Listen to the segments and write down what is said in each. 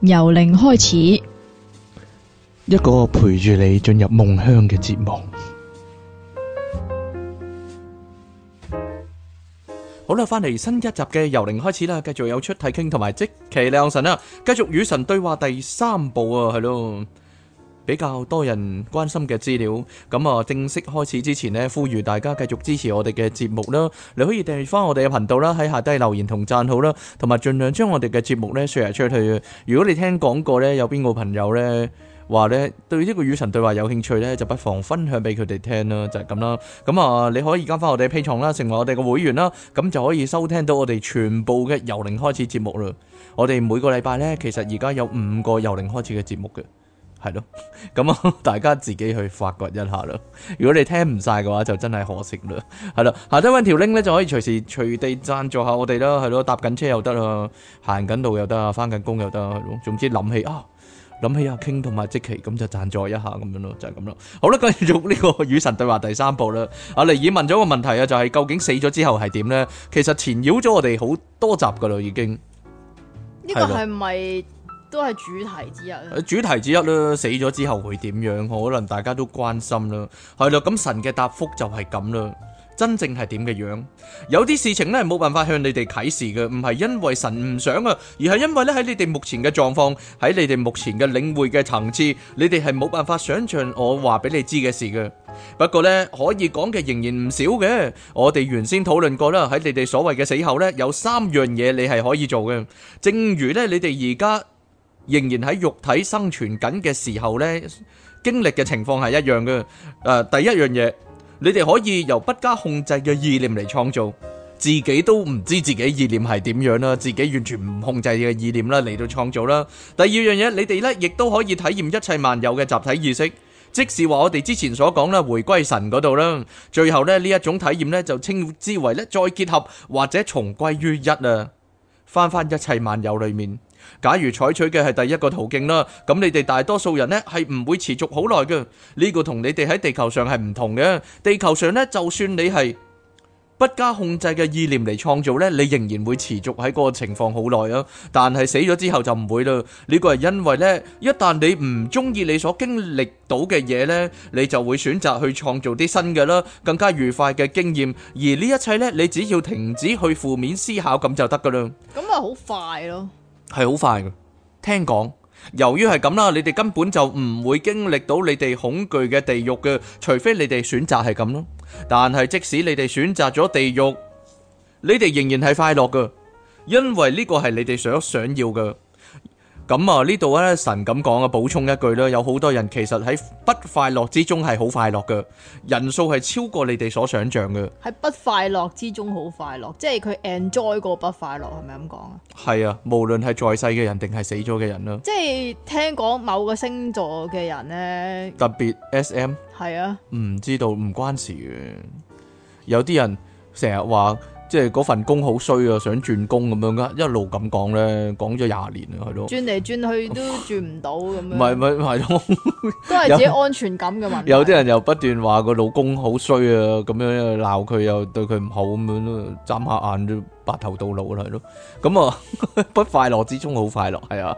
由零開始，一個陪住你進入夢鄉嘅節目。好啦，翻嚟新一集嘅由零開始啦，繼續有出題傾同埋即奇亮神啦，繼續與神對話第三部啊，係咯。比較多人關心嘅資料，咁啊正式開始之前咧，呼籲大家繼續支持我哋嘅節目啦。你可以訂閱翻我哋嘅頻道啦，喺下低留言同贊好啦，同埋盡量將我哋嘅節目咧 share 出去。如果你聽講過呢，有邊個朋友呢話呢對呢個與神對話有興趣呢，就不妨分享俾佢哋聽啦，就係、是、咁啦。咁、嗯、啊，你可以加家翻我哋嘅 P 創啦，成為我哋嘅會員啦，咁就可以收聽到我哋全部嘅由零開始節目啦。我哋每個禮拜呢，其實而家有五個由零開始嘅節目嘅。係咯，咁啊，大家自己去發掘一下咯。如果你聽唔晒嘅話，就真係可惜啦。係啦，下底搵條 link 咧，就可以隨時隨地贊助下我哋啦。係咯，搭緊車又得啊，行緊路又得啊，翻緊工又得。總之諗起啊，諗起啊，諗起阿傾同埋即奇，咁就贊助一下咁樣咯，就係咁咯。好啦，繼續呢個與神對話第三部啦。阿尼爾問咗個問題啊，就係、是、究竟死咗之後係點咧？其實纏繞咗我哋好多集噶啦，已經。呢個係咪？都係主題之一。主題之一啦，死咗之後會點樣？可能大家都關心啦。係咯，咁神嘅答覆就係咁啦。真正係點嘅樣？有啲事情咧，冇辦法向你哋啟示嘅，唔係因為神唔想啊，而係因為咧喺你哋目前嘅狀況，喺你哋目前嘅領會嘅層次，你哋係冇辦法想象我話俾你知嘅事嘅。不過咧，可以講嘅仍然唔少嘅。我哋原先討論過啦，喺你哋所謂嘅死後咧，有三樣嘢你係可以做嘅。正如咧，你哋而家。仍然喺肉體生存緊嘅時候咧，經歷嘅情況係一樣嘅。誒，第一樣嘢，你哋可以由不加控制嘅意念嚟創造，自己都唔知自己意念係點樣啦，自己完全唔控制嘅意念啦嚟到創造啦。第二樣嘢，你哋咧亦都可以體驗一切萬有嘅集體意識，即使話我哋之前所講啦，回歸神嗰度啦。最後咧，呢一種體驗咧就稱之為咧再結合或者重歸於一啊，返返一切萬有裏面。假如採取嘅係第一個途徑啦，咁你哋大多數人呢係唔會持續好耐嘅。呢個同你哋喺地球上係唔同嘅。地球上呢，就算你係不加控制嘅意念嚟創造呢，你仍然會持續喺嗰個情況好耐啊。但係死咗之後就唔會啦。呢個係因為呢，一旦你唔中意你所經歷到嘅嘢呢，你就會選擇去創造啲新嘅啦，更加愉快嘅經驗。而呢一切呢，你只要停止去負面思考咁就得噶啦。咁啊，好快咯～係好快嘅。聽講，由於係咁啦，你哋根本就唔會經歷到你哋恐懼嘅地獄嘅，除非你哋選擇係咁咯。但係即使你哋選擇咗地獄，你哋仍然係快樂嘅，因為呢個係你哋想想要嘅。咁啊，呢度咧神咁講啊，補充一句啦，有好多人其實喺不快樂之中係好快樂嘅，人數係超過你哋所想象嘅。喺不快樂之中好快樂，即係佢 enjoy 過不快樂，係咪咁講啊？係啊，無論係在世嘅人定係死咗嘅人囉。即係聽講某個星座嘅人咧，特別 SM，係啊，唔知道唔關事嘅，有啲人成日話。即係嗰份工好衰啊，想轉工咁樣噶，一路咁講咧，講咗廿年啊，係咯，轉嚟轉去都轉唔到咁樣。唔係唔係，都都係自己安全感嘅問題。有啲人又不斷話個老公好衰啊，咁樣鬧佢又對佢唔好咁樣咯，眨下眼都白頭到老啦，係咯。咁啊， 不快樂之中好快樂，係啊。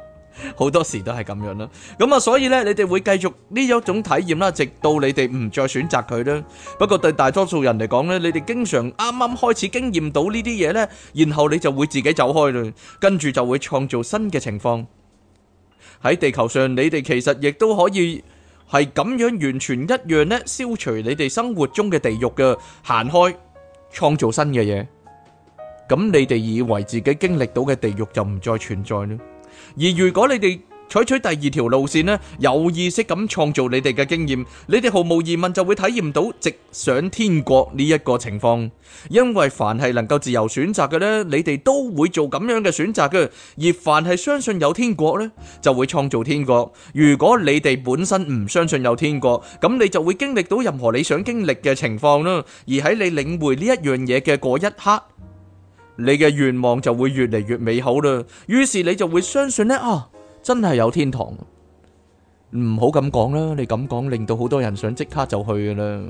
好多時都係咁樣啦，咁啊，所以咧，你哋會繼續呢一種體驗啦，直到你哋唔再選擇佢啦。不過對大多數人嚟講咧，你哋經常啱啱開始經驗到呢啲嘢咧，然後你就會自己走開啦，跟住就會創造新嘅情況。喺地球上，你哋其實亦都可以係咁樣，完全一樣咧，消除你哋生活中嘅地獄嘅行開，創造新嘅嘢。咁你哋以為自己經歷到嘅地獄就唔再存在啦。而如果你哋採取第二條路線呢，有意識咁創造你哋嘅經驗，你哋毫無疑問就會體驗到直上天國呢一個情況。因為凡係能夠自由選擇嘅呢，你哋都會做咁樣嘅選擇嘅；而凡係相信有天國呢，就會創造天國。如果你哋本身唔相信有天國，咁你就會經歷到任何你想經歷嘅情況啦。而喺你領會呢一樣嘢嘅嗰一刻。你嘅願望就會越嚟越美好啦，於是你就會相信呢：「啊，真係有天堂。唔好咁講啦，你咁講令到好多人想即刻就去噶啦，」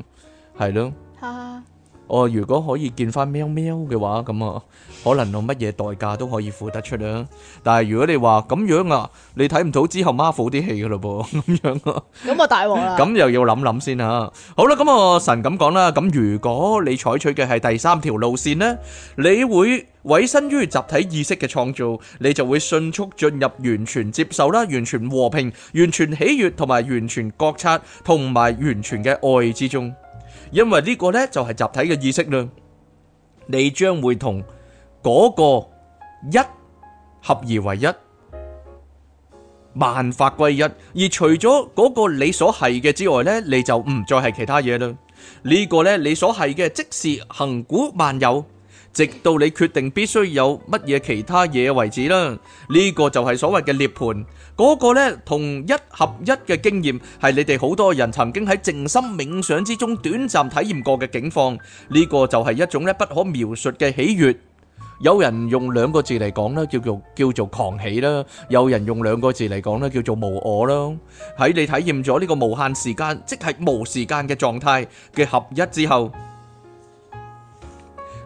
係咯。 哦，如果可以見翻喵喵嘅話，咁啊，可能我乜嘢代價都可以付得出啦。但係如果你話咁樣啊，你睇唔到之後 Marvel 啲戲噶咯噃，咁樣啊，咁啊大王啊，咁又要諗諗先嚇。好啦，咁啊神咁講啦，咁如果你採取嘅係第三條路線呢，你會委身於集體意識嘅創造，你就會迅速進入完全接受啦、完全和平、完全喜悅同埋完全覺察同埋完全嘅愛之中。因為呢個呢，就係、是、集體嘅意識啦，你將會同嗰個一合而為一，萬法歸一。而除咗嗰個你所係嘅之外呢，你就唔再係其他嘢啦。呢、這個呢，你所係嘅，即是恆古萬有。直到你決定必須有乜嘢其他嘢為止啦，呢個就係所謂嘅涅槃嗰個咧，同一合一嘅經驗係你哋好多人曾經喺靜心冥想之中短暫體驗過嘅境況。呢個就係一種咧不可描述嘅喜悅。有人用兩個字嚟講咧，叫做叫做狂喜啦；有人用兩個字嚟講咧，叫做無我啦。喺你體驗咗呢個無限時間，即係無時間嘅狀態嘅合一之後。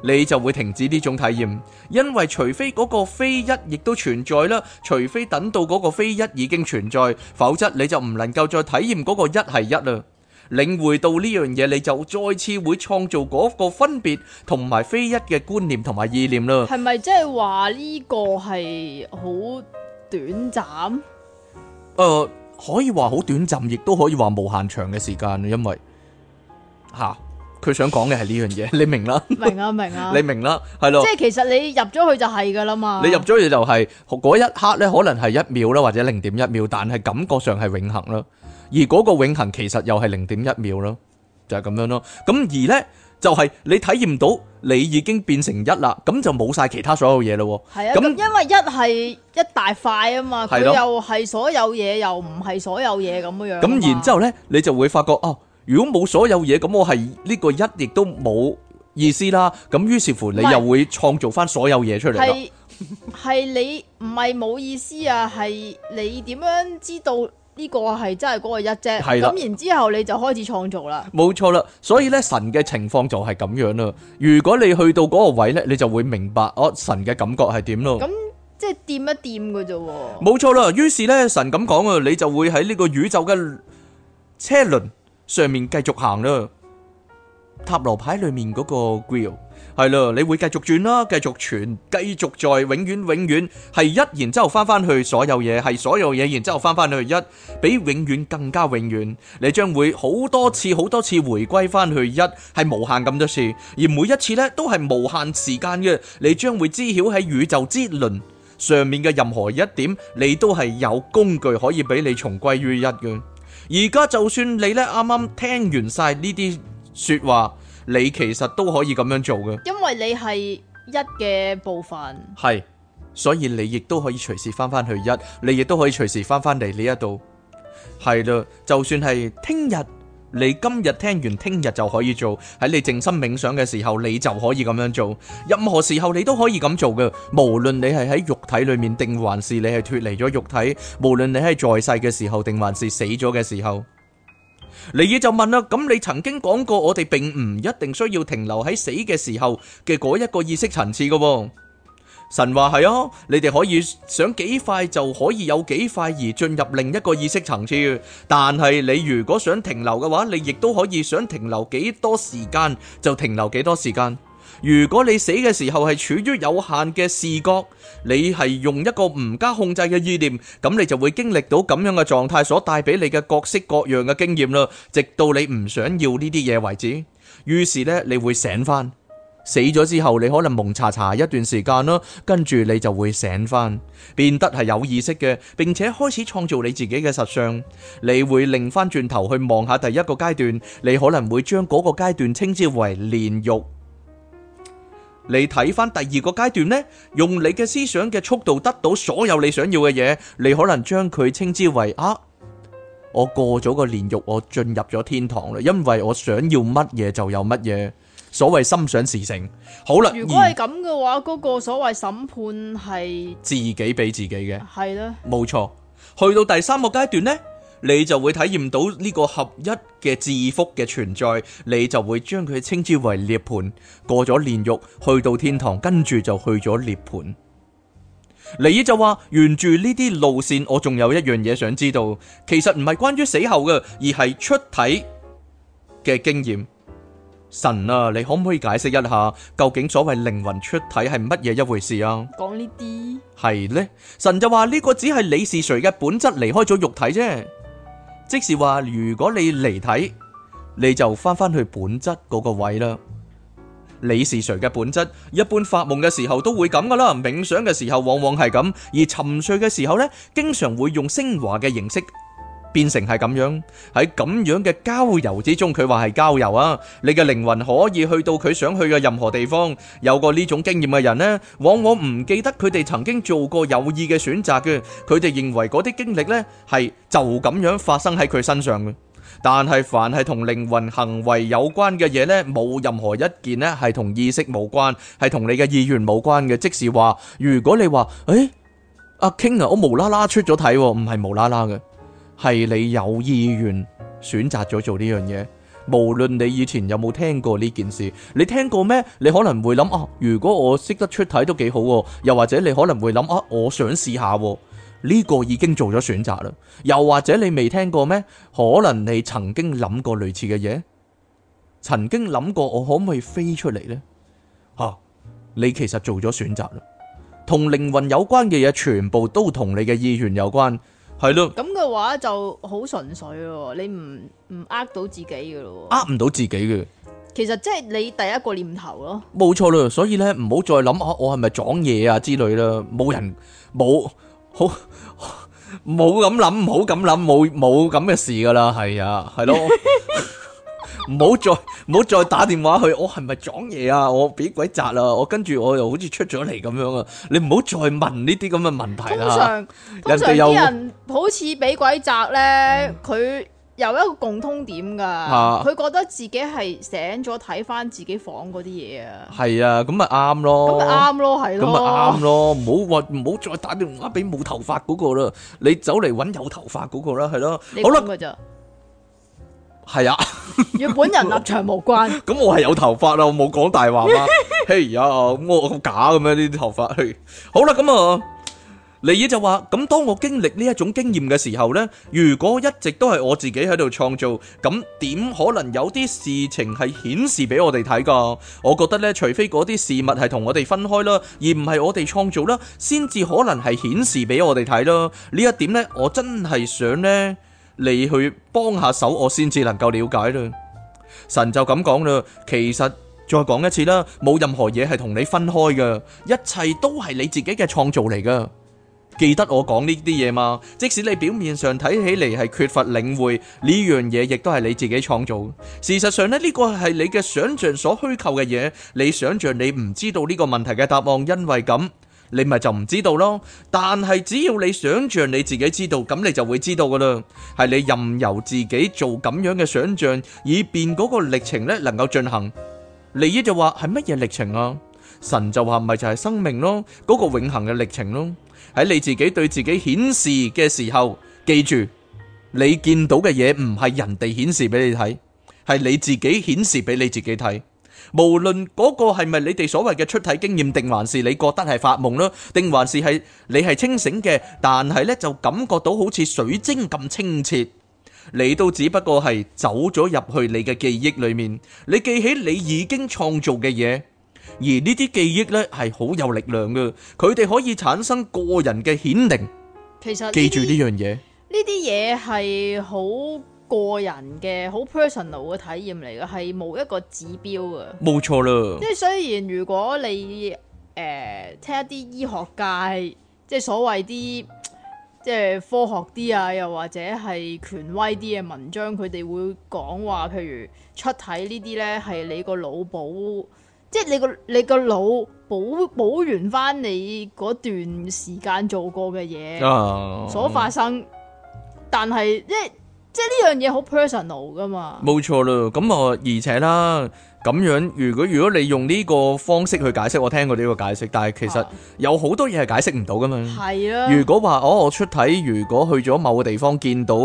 你就會停止呢種體驗，因為除非嗰個非一亦都存在啦，除非等到嗰個非一已經存在，否則你就唔能夠再體驗嗰個一係一啦。領會到呢樣嘢，你就再次會創造嗰個分別同埋非一嘅觀念同埋意念啦。係咪即係話呢個係好短暫？誒，可以話好短暫，亦都可以話無限長嘅時間，因為吓。佢想講嘅係呢樣嘢，你明啦？明啊，明啊，你明啦，係咯。即係其實你入咗去就係噶啦嘛。你入咗去就係嗰一刻咧，可能係一秒啦，或者零點一秒，但係感覺上係永恆咯。而嗰個永恆其實又係零點一秒咯，就係咁樣咯。咁而咧就係你體驗到你已經變成一啦，咁就冇晒其他所有嘢咯。係啊，咁因為一係一大塊啊嘛，佢又係所有嘢又唔係所有嘢咁樣。咁然之後咧，你就會發覺哦。如果冇所有嘢，咁我係呢個一亦都冇意思啦。咁於是乎，你又會創造翻所有嘢出嚟啦。係你唔係冇意思啊？係你點樣知道呢個係真係嗰個一啫？咁的然之後你就開始創造啦。冇錯啦，所以呢，神嘅情況就係咁樣啦。如果你去到嗰個位呢，你就會明白哦，神嘅感覺係點咯。咁即係掂一掂嘅啫。冇錯啦。於是呢，神咁講啊，你就會喺呢個宇宙嘅車輪上面繼續行啦，塔羅牌裏面嗰個 wheel 係啦，你會繼續轉啦，繼續傳，繼續在永遠永遠係一，然之後翻翻去所有嘢係所有嘢，然之後翻翻去一，比永遠更加永遠，你將會好多次好多次回歸翻去一，係無限咁多次，而每一次呢都係無限時間嘅，你將會知曉喺宇宙之輪上面嘅任何一點，你都係有工具可以俾你重歸於一嘅。而家就算你咧啱啱聽完晒呢啲說話，你其實都可以咁樣做嘅。因為你係一嘅部分，係，所以你亦都可以隨時翻翻去一，你亦都可以隨時翻翻嚟呢一度，係啦。就算係聽日。你今日聽完，聽日就可以做。喺你靜心冥想嘅時候，你就可以咁樣做。任何時候你都可以咁做嘅，無論你係喺肉體裏面定還是你係脫離咗肉體，無論你係在世嘅時候定還是死咗嘅時候。尼爾就問啦：咁你曾經講過，我哋並唔一定需要停留喺死嘅時候嘅嗰一個意識層次嘅哦。.神話係哦，你哋可以想幾快就可以有幾快而進入另一個意識層次，但係你如果想停留嘅話，你亦都可以想停留幾多時間就停留幾多時間。如果你死嘅時候係處於有限嘅視覺，你係用一個唔加控制嘅意念，咁你就會經歷到咁樣嘅狀態所帶俾你嘅各式各樣嘅經驗啦，直到你唔想要呢啲嘢為止。於是呢，你會醒返。死咗之後，你可能蒙查查一段時間囉，跟住你就會醒翻，變得係有意識嘅，並且開始創造你自己嘅實相。你會擰翻轉頭去望下第一個階段，你可能會將嗰個階段稱之為煉獄。你睇翻第二個階段呢，用你嘅思想嘅速度得到所有你想要嘅嘢，你可能將佢稱之為啊，我過咗個煉獄，我進入咗天堂啦，因為我想要乜嘢就有乜嘢。所謂心想事成，好啦。如果係咁嘅話，嗰個所謂審判係自己俾自己嘅，係啦的，冇錯。去到第三個階段呢，你就會體驗到呢個合一嘅字負嘅存在，你就會將佢稱之爲涅槃。過咗煉獄，去到天堂，跟住就去咗涅槃。尼爾就話：沿住呢啲路線，我仲有一樣嘢想知道，其實唔係關於死後嘅，而係出體嘅經驗。神啊，你可唔可以解釋一下究竟所謂靈魂出體係乜嘢一回事啊？講呢啲係呢。神就話呢個只係你是誰嘅本質離開咗肉體啫，即是話如果你離體，你就翻翻去本質嗰個位啦。你是誰嘅本質？一般發夢嘅時候都會咁噶啦，冥想嘅時候往往係咁，而沉睡嘅時候呢，經常會用升華嘅形式。變成係咁樣，喺咁樣嘅郊遊之中，佢話係郊遊啊！你嘅靈魂可以去到佢想去嘅任何地方。有過呢種經驗嘅人呢，往往唔記得佢哋曾經做過有意嘅選擇嘅。佢哋認為嗰啲經歷呢係就咁樣發生喺佢身上嘅。但係凡係同靈魂行為有關嘅嘢呢，冇任何一件呢係同意識無關，係同你嘅意願無關嘅。即係話如果你話誒，阿 King 啊，我無啦啦出咗體，唔係無啦啦嘅。係你有意願選擇咗做呢樣嘢，無論你以前有冇聽過呢件事，你聽過咩？你可能會諗啊，如果我識得出體都幾好，啊，又或者你可能會諗啊，我想試下呢，啊呢個已經做咗選擇啦。又或者你未聽過咩？可能你曾經諗過類似嘅嘢，曾經諗過我可唔可以飛出嚟呢？吓，啊，你其實做咗選擇啦，同靈魂有關嘅嘢全部都同你嘅意願有關。係咯，咁嘅話就好純粹咯，你唔唔呃到自己嘅咯，呃唔到自己嘅。其實即係你第一個念頭咯。冇錯啦，所以咧唔好再諗啊，我係咪撞嘢啊之類啦，冇人冇好冇咁諗，冇咁諗，冇冇咁嘅事噶啦，係啊，係咯。 唔好再唔好再打電話去，我係咪撞嘢啊？我俾鬼砸啦！我跟住我又好似出咗嚟咁樣啊！你唔好再問呢啲咁嘅問題啦。通常通常有啲人好似俾鬼砸咧，佢有一個共通點噶，佢覺得自己係醒咗，睇翻自己房嗰啲嘢啊。係啊，咁咪啱咯，咁咪啱咯，係咯，咁咪啱咯。唔好話唔好再打電話俾冇頭髮嗰個啦，你走嚟搵有頭髮嗰個啦，係咯，好啦，係啊。與 本人立場無關。咁、 嗯、我係有頭髮啦，我冇講大話嘛。 嘿呀、啊嗯，我好假噉樣，呢啲頭髮。嘿，好啦，咁、嗯、啊，尼爾就話，咁、嗯、當我經歷呢一種經驗嘅時候呢，如果一直都係我自己喺度創造，咁點可能有啲事情係顯示俾我哋睇噶？我覺得呢，除非嗰啲事物係同我哋分開啦，而唔係我哋創造啦，先至可能係顯示俾我哋睇咯。呢一點呢，我真係想呢。你去幫下手，我先至能夠了解啦。神就咁講啦。其實再講一次啦，冇任何嘢係同你分開噶，一切都係你自己嘅創造嚟噶。記得我講呢啲嘢嘛？即使你表面上睇起嚟係缺乏領會，呢樣嘢亦都係你自己創造。事實上呢，呢個係你嘅想象所虛構嘅嘢。你想象你唔知道呢個問題嘅答案，因為咁。你咪就唔知道咯，但係只要你想象你自己知道，咁你就會知道噶啦。係你任由自己做咁樣嘅想象，以便嗰個歷程咧能夠進行。利益就話係乜嘢歷程啊？神就話咪就係生命咯，嗰個永恒嘅歷程咯。喺你自己對自己顯示嘅時候，記住，你見到嘅嘢唔係人哋顯示俾你睇，係你自己顯示俾你自己睇。無論嗰個係咪你哋所謂嘅出體經驗，定還是你覺得係發夢咯，定還是係你係清醒嘅，但係呢就感覺到好似水晶咁清澈，你都只不過係走咗入去你嘅記憶裏面，你記起你已經創造嘅嘢。而呢啲記憶呢係好有力量嘅，佢哋可以產生個人嘅顯靈。其實記住呢樣嘢，呢啲嘢係好。個人嘅好 personal 嘅體驗嚟嘅，係冇一個指標嘅。冇錯啦。即係雖然如果你誒、呃、聽一啲醫學界，即係所謂啲即係科學啲啊，又或者係權威啲嘅文章，佢哋會講話，譬如出體呢啲呢，係你個腦補，即係你個你個腦補補完返你嗰段時間做過嘅嘢，啊、所發生，但係即係。即係呢樣嘢好 personal 噶嘛？冇錯啦，咁啊，而且啦，咁樣如果如果你用呢個方式去解釋，我聽過呢個解釋，但係其實有好多嘢係解釋唔到噶嘛。係啊。如果話哦，我出體如果去咗某個地方見到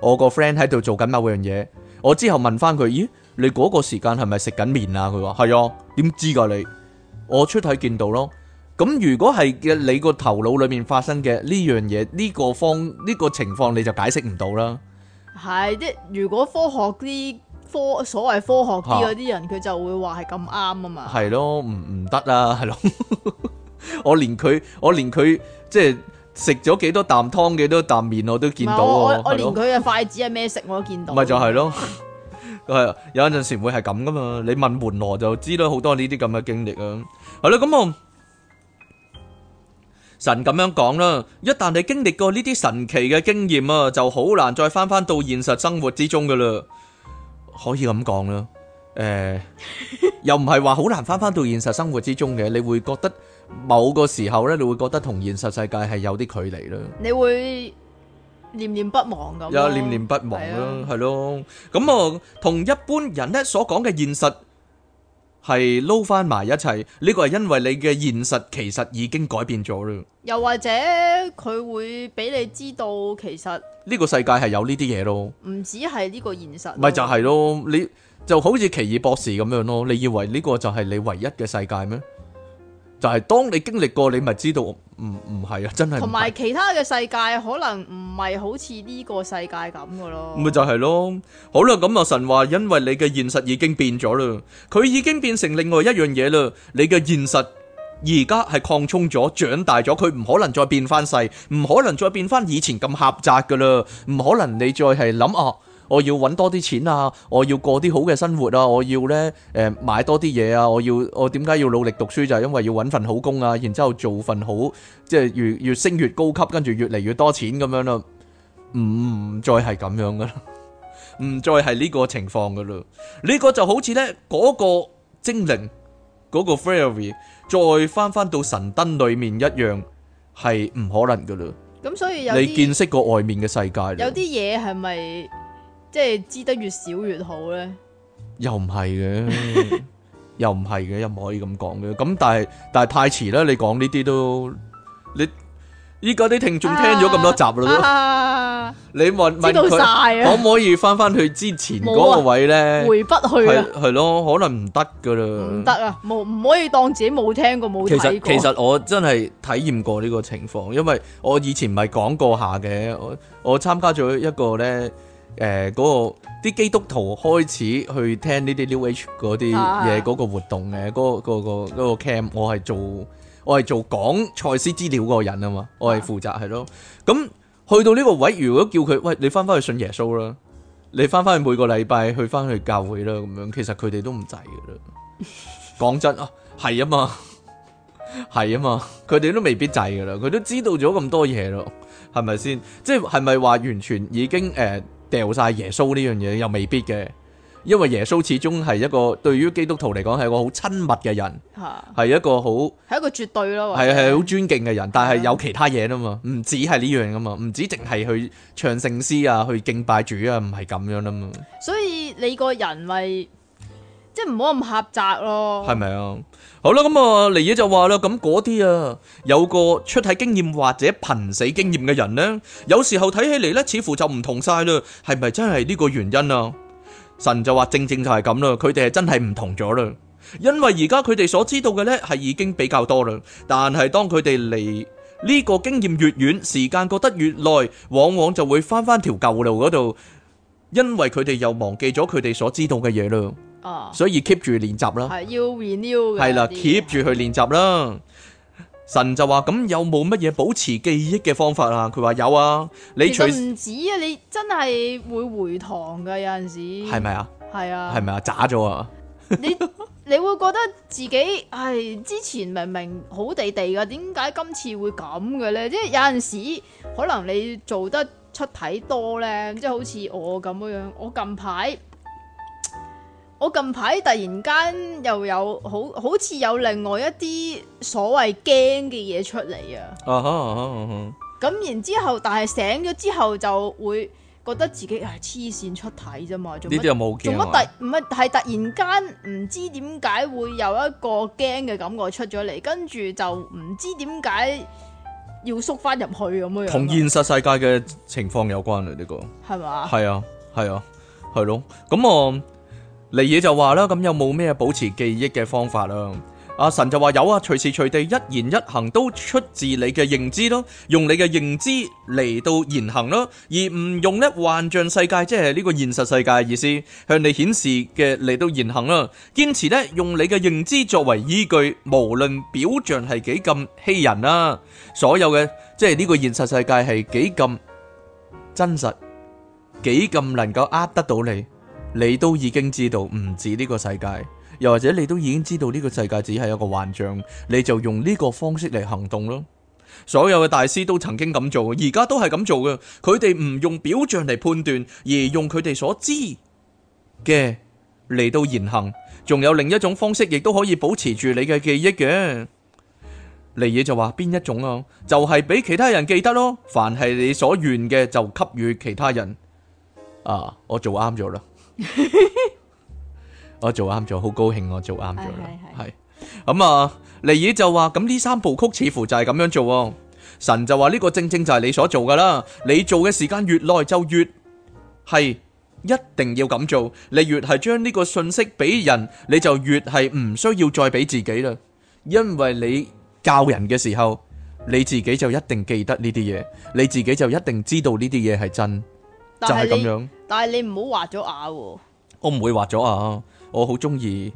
我個 friend 喺度做緊某樣嘢，我之後問翻佢，咦，你嗰個時間係咪食緊麵啊？佢話係啊，點知噶你？我出體見到咯。咁如果係嘅，你個頭腦裏面發生嘅呢樣嘢，呢個方呢個情況，你就解釋唔到啦。係即如果科學啲科所謂科學啲嗰啲人，佢、啊、就會話係咁啱啊嘛。係咯，唔唔得啦，係咯、啊。 我連佢，我連佢即係食咗幾多啖湯嘅，幾多啖麵我都見到、啊、我我，的我連佢嘅筷子係咩食我都見到。咪就係咯，係啊，有陣時會係咁噶嘛。你問門羅就知啦，好多呢啲咁嘅經歷啊。係咯，咁我。神咁樣講啦，一旦你經歷過呢啲神奇嘅經驗啊，就好難再翻翻到現實生活之中噶啦，可以咁講啦。誒，又唔係話好難翻翻到現實生活之中嘅，你會覺得某個時候呢，你會覺得同現實世界係有啲距離啦。你會念念不忘咁，有念念不忘咯，係咯。咁啊同一般人呢所講嘅現實。係撈翻埋一齊，呢個係因為你嘅現實其實已經改變咗啦。又或者佢會俾你知道，其實呢個世界係有呢啲嘢咯。唔止係呢個現實，咪就係咯，你就好似奇異博士咁樣咯。你以為呢個就係你唯一嘅世界咩？就係當你經歷過，你咪知道唔唔係啊，真係同埋其他嘅世界可能唔係好似呢個世界咁噶咯。咪就係咯。好啦，咁阿神話，因為你嘅現實已經變咗啦，佢已經變成另外一樣嘢啦。你嘅現實而家係擴充咗、長大咗，佢唔可能再變翻細，唔可能再變翻以前咁狹窄噶啦，唔可能你再係諗啊。我要搵多啲錢啊！我要過啲好嘅生活啊！我要呢誒買多啲嘢啊！我要我點解要努力讀書就係因為要搵份好工啊！然之後做份好即係越越升越高級，跟住越嚟越多錢咁樣咯。唔再係咁樣噶啦，唔再係呢個情況噶啦。呢個就好似呢嗰個精靈嗰個 Fairy 再翻翻到神燈裏面一樣，係唔可能噶啦。咁所以你見識過外面嘅世界，有啲嘢係咪？即係知得越少越好咧 ？又唔係嘅，又唔係嘅，又唔可以咁講嘅。咁但係但係太遲啦！你講呢啲都，你依家啲聽眾聽咗咁多集啦，啊、都、啊、你問知道問佢他可唔可以翻翻去之前嗰個位咧、啊？回不去啊，係咯，可能唔得噶啦，唔得啊，無唔可以當自己冇聽過冇睇過。其實其實我真係體驗過呢個情況，因為我以前咪講過下嘅，我我參加咗一個咧。誒，呃嗰個啲基督徒開始去聽呢啲 New Age 嗰啲嘢，嗰 Yeah. 個活動嘅，嗰、嗰個、嗰個、嗰個 camp 我係做我係做講賽斯資料嗰個人啊嘛，我係負責係咯。咁去到呢個位，如果叫佢，喂，你翻翻去信耶穌啦，你翻翻去每個禮拜去翻去教會啦，咁樣其實佢哋都唔制噶啦。講 真啊，係啊嘛，係啊嘛，佢哋都未必制噶啦，佢都知道咗咁多嘢咯，係咪先？即係係咪話完全已經誒？呃 掉晒耶穌呢樣嘢又未必嘅，因為耶穌始終係一個對於基督徒嚟講係一個好親密嘅人，啊、係一個好係一個絕對咯，係係好尊敬嘅人，但係有其他嘢啦嘛，啊、唔止係呢樣噶嘛，唔止淨係去唱聖詩啊，去敬拜主啊，唔係咁樣啦嘛，所以你個人咪即係唔好咁狹窄咯，係咪啊？好啦，咁啊，黎嘢就話啦，咁嗰啲啊，有個出體經驗或者瀕死經驗嘅人咧，有時候睇起嚟咧，似乎就唔同晒啦，係咪真係呢個原因啊？神就話正正就係咁啦，佢哋係真係唔同咗啦，因為而家佢哋所知道嘅咧係已經比較多啦，但係當佢哋離呢個經驗越遠，時間過得越耐，往往就會翻翻條舊路嗰度，因為佢哋又忘記咗佢哋所知道嘅嘢啦。哦，啊、所以 keep 住練習啦，係要 renew 嘅，係啦，keep 住去練習啦。神就話，咁有冇乜嘢保持記憶嘅方法啊？佢話有啊，你除其實唔止啊，你真係會回堂噶，有陣時係咪吧是啊，啊？係啊，係咪啊？渣咗啊？你你會覺得自己係之前明明好地地噶，點解今次會咁嘅咧？即係有陣時可能你做得出體多咧，即係好似我咁樣樣。我近排。我近排突然間又有好好似有另外一啲所謂驚嘅嘢出嚟啊，咁，然之後但係醒咗之後就會覺得自己啊黐綫出體啫嘛，做乜做乜突，唔係，係突然間唔知點解會有一個驚嘅感覺出咗嚟，跟住就唔知點解要縮翻入去咁樣，同現實世界嘅情況有關，這個，吧啊。呢個係嘛？係啊，係啊，係咯咁我，尼爾就話啦，咁有冇咩保持記憶嘅方法啊？阿神就話有啊，隨時隨地一言一行都出自你嘅認知咯，用你嘅認知嚟到言行咯，而唔用咧幻象世界，即係呢個現實世界嘅意思，向你顯示嘅嚟到言行啦，堅持咧用你嘅認知作為依據，無論表象係幾咁欺人啦，所有嘅即係呢個現實世界係幾咁真實，幾咁能夠呃得到你。你都已經知道唔止呢個世界，又或者你都已經知道呢個世界只係一個幻象，你就用呢個方式嚟行動咯。所有嘅大師都曾經咁做，而家都係咁做嘅。佢哋唔用表象嚟判斷，而用佢哋所知嘅嚟到言行。仲有另一種方式，亦都可以保持住你嘅記憶嘅。嚟嘢就話邊一種咯，啊，就係、是、俾其他人記得咯。凡係你所願嘅，就給予其他人。啊，我做啱咗啦。 我做啱咗，好高興我做啱咗啦。係咁、嗯、啊，尼爾就話咁呢三部曲似乎就係咁樣做哦。神就話呢、呢個正正就係你所做噶啦。你做嘅時間越耐就越係一定要咁做。你越係將呢個信息俾人，你就越係唔需要再俾自己啦。因為你教人嘅時候，你自己就一定記得呢啲嘢，你自己就一定知道呢啲嘢係真，就係、是、咁樣。但係你唔好畫咗眼喎、啊！我唔會畫咗眼啊！我好中意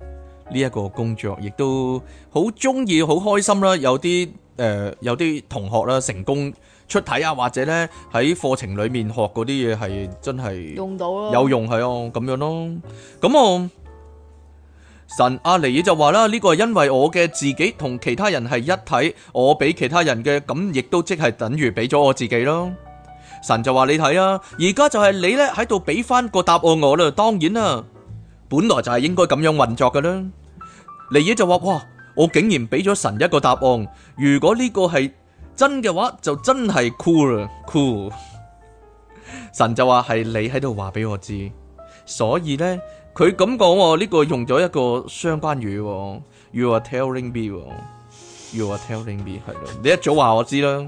呢一個工作，亦都好中意，好開心啦！有啲誒、呃，有啲同學啦，成功出體啊，或者呢喺課程裏面學嗰啲嘢係真係用，用到咯，有用係哦，咁樣咯。咁我神阿尼耶就話啦，呢、這個係因為我嘅自己同其他人係一體，我俾其他人嘅咁，亦都即係等於俾咗我自己咯。神就話你睇啊，而家就係你咧喺度俾翻個答案我啦。當然啦，本來就係應該咁樣運作㗎啦。嚟嘢就話哇，我竟然俾咗神一個答案，如果呢個係真嘅話，就真係 cool cool 神就話係你喺度話俾我知，所以呢，佢咁講，呢個用咗一個相關語、哦、，you are telling me，you、哦、are telling me，係咯，你一早話我，我知啦，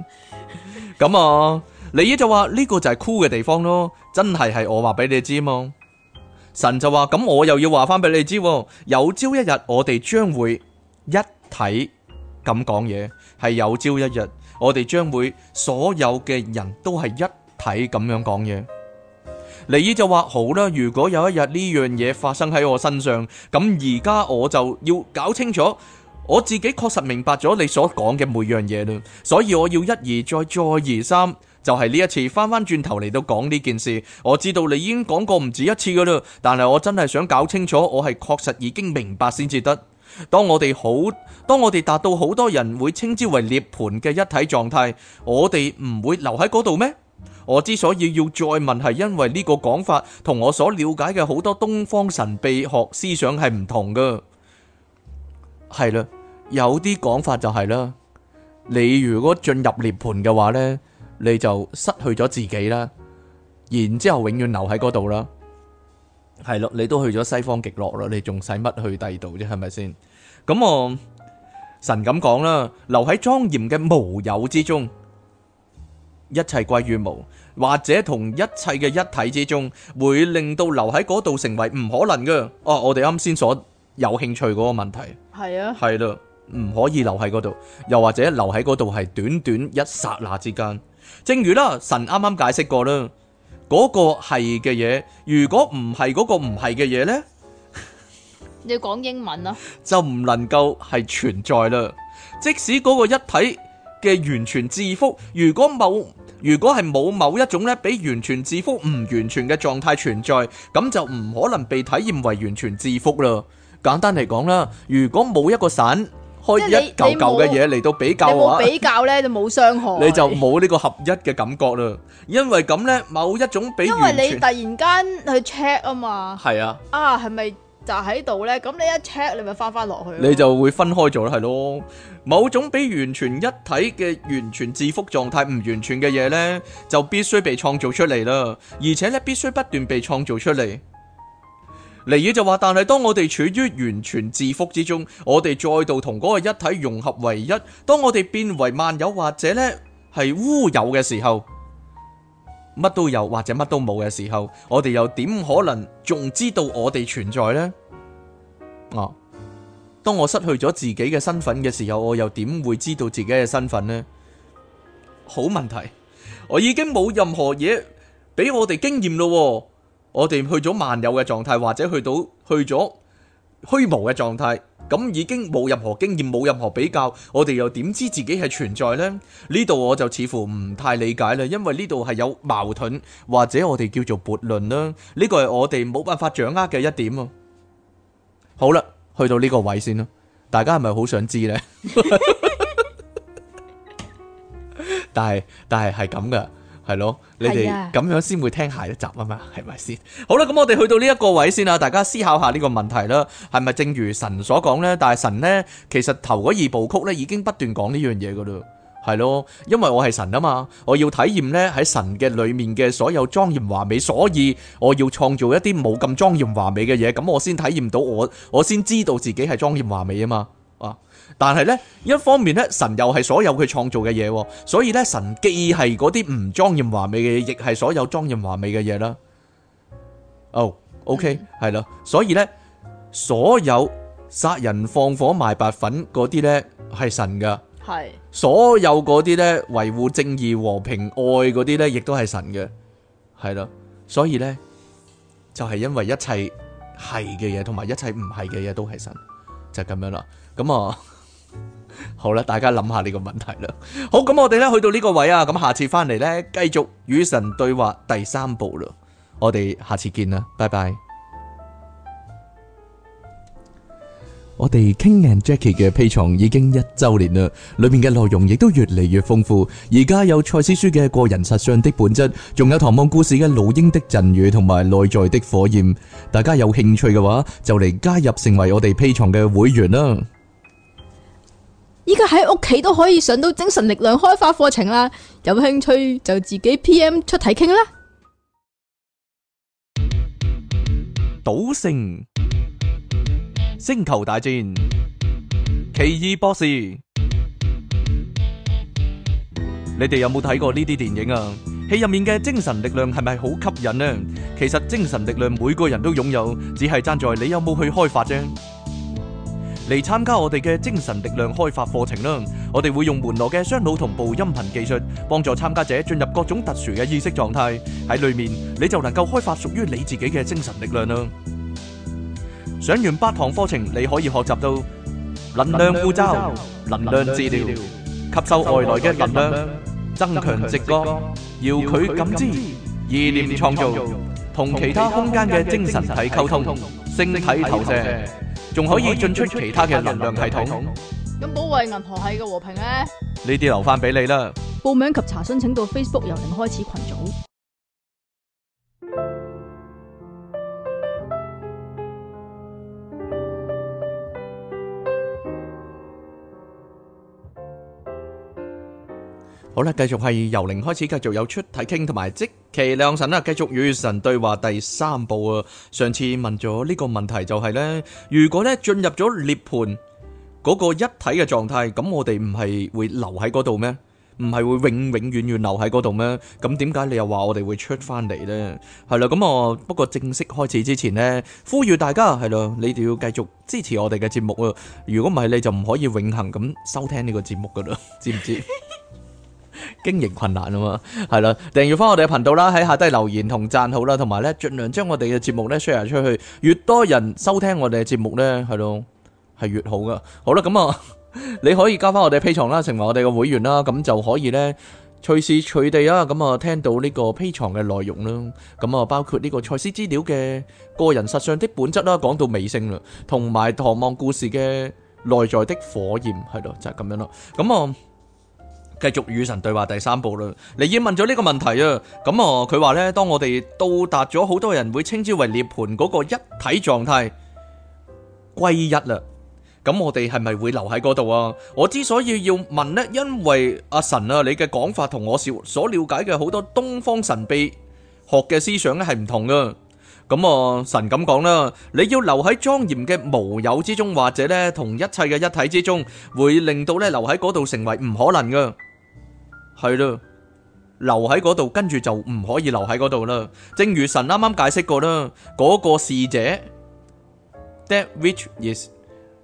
咁啊。李姨就話呢個就係 cool 嘅地方咯，真係係我話俾你知嘛。神就話咁我又要話翻俾你知，有朝一日我哋將會一體咁講嘢，係有朝一日我哋將會所有嘅人都係一體咁樣講嘢。李姨就話好啦，如果有一日呢樣嘢發生喺我身上，咁而家我就要搞清楚我自己確實明白咗你所講嘅每樣嘢啦，所以我要一而再，再而三。就係呢一次翻翻轉頭嚟到講呢件事，我知道你已經講過唔止一次噶啦，但係我真係想搞清楚，我係確實已經明白先至得。當我哋好當我哋達到好多人會稱之為涅槃嘅一體狀態，我哋唔會留喺嗰度咩？我之所以要再問，係因為呢個講法同我所了解嘅好多東方神秘學思想係唔同噶。係啦，有啲講法就係啦，「你如果進入涅槃嘅話呢。」你就失去咗自己啦，然之後永遠留喺嗰度啦，係咯，你都去咗西方極樂啦，你仲使乜去第二度啫？係咪先？咁我神咁講啦，留喺莊嚴嘅無有之中，一切歸於無，或者同一切嘅一體之中，會令到留喺嗰度成為唔可能㗎。哦、啊，我哋啱先所有興趣嗰個問題，係啊的，係咯，唔可以留喺嗰度，又或者留喺嗰度係短短一剎那之間。正如啦，神啱啱解釋過啦，嗰個係嘅嘢，如果唔係嗰個唔係嘅嘢呢？你 要講英文啦，就唔能夠係存在啦。即使嗰個一體嘅完全至福，如果冇，如果係冇某一種咧，比完全至福唔完全嘅狀態存在，咁就唔可能被體驗為完全至福啦。簡單嚟講啦，如果冇一個神。開一嚿嚿嘅嘢嚟到比較嘅話，比較咧就冇傷害，你就冇呢個合一嘅感覺啦。因為咁咧，某一種比因為你突然間去 check 啊嘛，係啊，啊係咪就喺度咧？咁你一 check 你咪翻翻落去，你就會分開咗係咯。某種比完全一體嘅完全自負狀態唔完全嘅嘢咧，就必須被創造出嚟啦，而且咧必須不斷被創造出嚟。尼爾就話：但係當我哋處於完全自福之中，我哋再度同嗰個一體融合為一。當我哋變為萬有或者呢係烏有嘅時候，乜都有或者乜都冇嘅時候，我哋又點可能仲知道我哋存在呢？哦、啊，當我失去咗自己嘅身份嘅時候，我又點會知道自己嘅身份呢？好問題，我已經冇任何嘢俾我哋經驗咯、哦。我哋去咗萬有嘅狀態，或者去到去咗虛無嘅狀態，咁已經冇任何經驗，冇任何比較，我哋又點知自己係存在呢？呢度我就似乎唔太理解啦，因為呢度係有矛盾，或者我哋叫做悖論啦。呢個係我哋冇辦法掌握嘅一點啊。好啦，去到呢個位先啦，大家係咪好想知呢？但係但係係咁噶。係咯，你哋咁樣先會聽下一集啊嘛，係咪先？好啦，咁我哋去到呢一個位先啦，大家思考下呢個問題啦，係咪正如神所講呢？但係神呢，其實頭嗰二部曲呢已經不斷講呢樣嘢噶啦，係咯，因為我係神啊嘛，我要體驗呢喺神嘅裏面嘅所有莊嚴華美，所以我要創造一啲冇咁莊嚴華美嘅嘢，咁我先體驗到我，我先知道自己係莊嚴華美啊嘛。啊，但係呢，一方面呢，神又係所有佢創造嘅嘢。哦，所以呢，神既係嗰啲唔莊嚴華美嘅嘢，亦係所有莊嚴華美嘅嘢啦。哦，OK，係啦，嗯，所以呢，所有殺人放火賣白粉嗰啲呢係神噶，係所有嗰啲呢，維護正義和平愛嗰啲呢，亦都係神嘅，係啦，所以呢，就係因為一切係嘅嘢，同埋一切唔係嘅嘢都係神，就咁樣啦。咁啊、嗯，好啦，大家諗下呢個問題啦。好，咁我哋呢去到呢個位啊，咁下次翻嚟呢，繼續與神對話第三部啦。我哋下次見啦，拜拜。我哋 King and Jackie 嘅 Patreon 已經一周年啦，裡面嘅內容亦都越嚟越豐富。而家有賽斯書嘅《個人實相的本質》，仲有唐望故事嘅《老鷹的贈語》同埋《內在的火焰》。大家有興趣嘅話，就嚟加入成為我哋 Patreon 嘅會員啦。依家喺屋企都可以上到精神力量開發課程啦，有興趣就自己 P.M 出題傾啦。賭聖、星球大戰、奇異博士，你哋有冇睇過呢啲電影啊？戲入面嘅精神力量係咪好吸引呢？其實精神力量每個人都擁有，只係爭在你有冇去開發啫。嚟參加我哋嘅精神力量開發課程啦！我哋會用門羅嘅雙腦同步音頻技術，幫助參加者進入各種特殊嘅意識狀態。喺裏面，你就能夠開發屬於你自己嘅精神力量啦！上完八堂課程，你可以學習到能量護罩、能量治療、吸收外來嘅能量、增強直覺、遙距感知、意念創造、同其他空間嘅精神體溝通、星體投射。仲可以進出其他嘅能量系統。咁，保衛銀河系嘅和平咧？呢啲留翻俾你啦。報名及查詢請到 Facebook 由零開始群組。好啦，繼續係由零開始，繼續有出體傾，同埋積其良神啦，繼續與神對話第三部啊！上次問咗呢個問題就係咧，如果咧進入咗涅槃嗰個一體嘅狀態，咁我哋唔係會留喺嗰度咩？唔係會永永遠遠留喺嗰度咩？咁點解你又話我哋會出翻嚟咧？係啦，咁啊，不過正式開始之前咧，呼籲大家係啦，你哋要繼續支持我哋嘅節目啊！如果唔係，你就唔可以永恆咁收聽呢個節目噶啦，知唔知？經營困難啊嘛，係啦，訂閱翻我哋嘅頻道啦，喺下低留言同讚好啦，同埋咧盡量將我哋嘅節目咧 share 出去，越多人收聽我哋嘅節目咧，係咯，係越好噶。好啦，咁啊，你可以加翻我哋嘅 Patreon 啦，成為我哋嘅會員啦，咁就可以咧，隨時隨地啊，咁啊聽到呢個 Patreon 嘅內容啦，咁啊包括呢個賽斯資料嘅個人實相的本質啦，講到尾聲啦，同埋唐望故事嘅內在的火焰係咯，就係咁樣咯，咁啊。繼續與神對話第三部啦，你已問咗呢個問題啊，咁啊佢話咧，當我哋到達咗，好多人會稱之為涅盤嗰個一體狀態歸一啦，咁我哋係咪會留喺嗰度啊？我之所以要問咧，因為阿神啊，你嘅講法同我所了解嘅好多東方神秘學嘅思想咧係唔同噶，咁啊神咁講啦，你要留喺莊嚴嘅無有之中，或者咧同一切嘅一體之中，會令到你留喺嗰度成為唔可能噶。係咯，留喺嗰度，跟住就唔可以留喺嗰度啦。正如神啱啱解釋過啦，嗰、嗰個是者，that which is，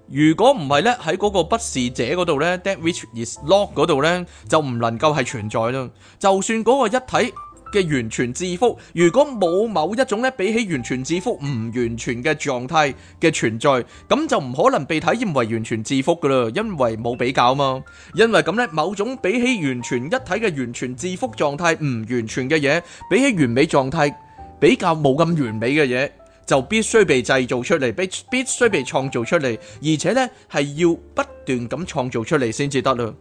如果唔係咧，喺嗰個不是者嗰度咧，that which is not 嗰度咧，就唔能夠係存在啦。就算嗰個一體，嘅完全自足，如果冇某一種呢比起完全自足唔完全嘅狀態嘅存在，咁就唔可能被體驗為完全自足噶啦，因為冇比較嘛。因為咁呢，某種比起完全一體嘅完全自足狀態唔完全嘅嘢，比起完美狀態比較冇咁完美嘅嘢，就必須被製造出嚟，必必須被創造出嚟，而且呢係要不斷咁創造出嚟先至得啦。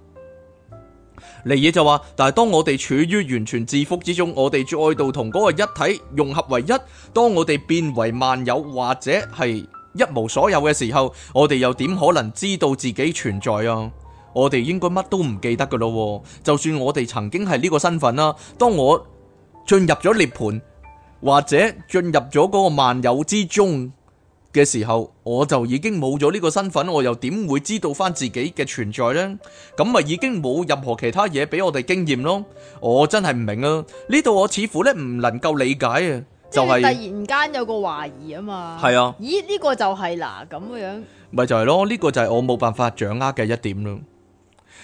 嚟嘢就話，但係當我哋處於完全自福之中，我哋再度同嗰個一體融合為一，當我哋變為萬有或者係一無所有嘅時候，我哋又點可能知道自己存在啊？我哋應該乜都唔記得㗎喇、啊，就算我哋曾經係呢個身份啦、啊。當我進入咗涅槃，或者進入咗嗰個萬有之中。嘅時候，我就已經冇咗呢個身份，我又點會知道翻自己嘅存在呢？咁咪已經冇任何其他嘢俾我哋經驗咯。我真係唔明啊！呢度我似乎咧唔能夠理解、就係、啊，就係突然間有個懷疑啊嘛。係啊，咦呢個就係啦，咁嘅樣，咪就係咯，呢、呢個就係我冇辦法掌握嘅一點咯。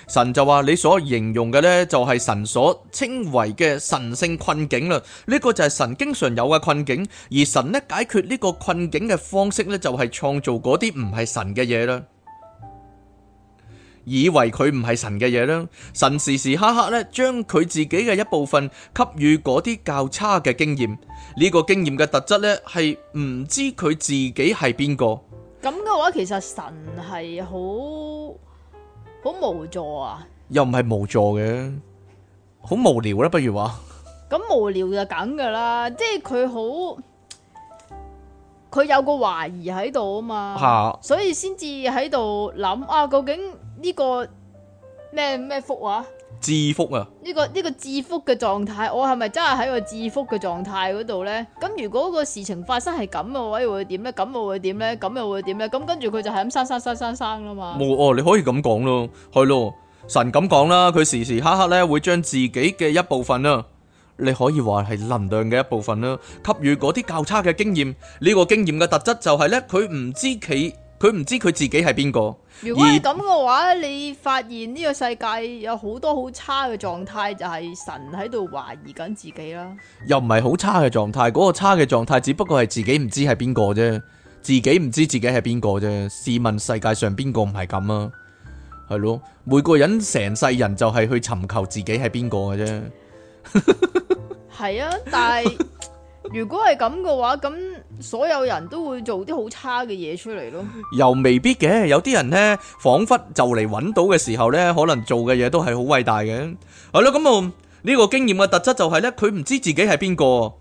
神就話：你所形容嘅呢，就係神所稱為嘅神聖困境啦。呢個就係神經常有嘅困境，而神呢解決呢個困境嘅方式呢，就係創造嗰啲唔係神嘅嘢啦。以為佢唔係神嘅嘢呢，神時時刻刻呢將佢自己嘅一部分給予嗰啲較差嘅經驗。呢個經驗嘅特質呢，係唔知佢自己係邊個。咁嘅話，其實神係好。好無助啊！又唔係無助嘅，好無聊啦、啊，不如話咁無聊就梗噶啦，即係佢好，佢有個懷疑喺度啊嘛，啊所以先至喺度諗啊，究竟呢個咩咩福啊？自福啊！呢、這個呢、這個自福嘅狀態，我係咪真係喺個自福嘅狀態嗰度呢？咁如果個事情發生係咁嘅話，又會點呢？咁又會點呢？咁又會點呢？咁跟住佢就係咁生生生生生啦嘛！冇哦，你可以咁講咯，係咯，神咁講啦，佢時時刻刻咧會將自己嘅一部分啦，你可以話係能量嘅一部分啦，給予嗰啲較差嘅經驗，呢、這個經驗嘅特質就係呢，佢唔知企，佢唔知佢自己係邊個。如果係咁嘅話，而你發現呢個世界有好多好差嘅狀態，就係、是、神喺度懷疑緊自己啦。又唔係好差嘅狀態，嗰、那個差嘅狀態只不過係自己唔知係邊個啫，自己唔知自己係邊個啫。試問世界上邊個唔係咁啊？係咯，每個人成世人就係去尋求自己係邊個嘅啫。係 啊，但係。 如果係咁嘅話，咁所有人都會做啲好差嘅嘢出嚟咯。又未必嘅，有啲人呢，仿佛就嚟揾到嘅時候呢，可能做嘅嘢都係好偉大嘅。係、嗯、咯，咁、嗯、啊，呢、這個經驗嘅特質就係呢，佢唔知自己係邊個。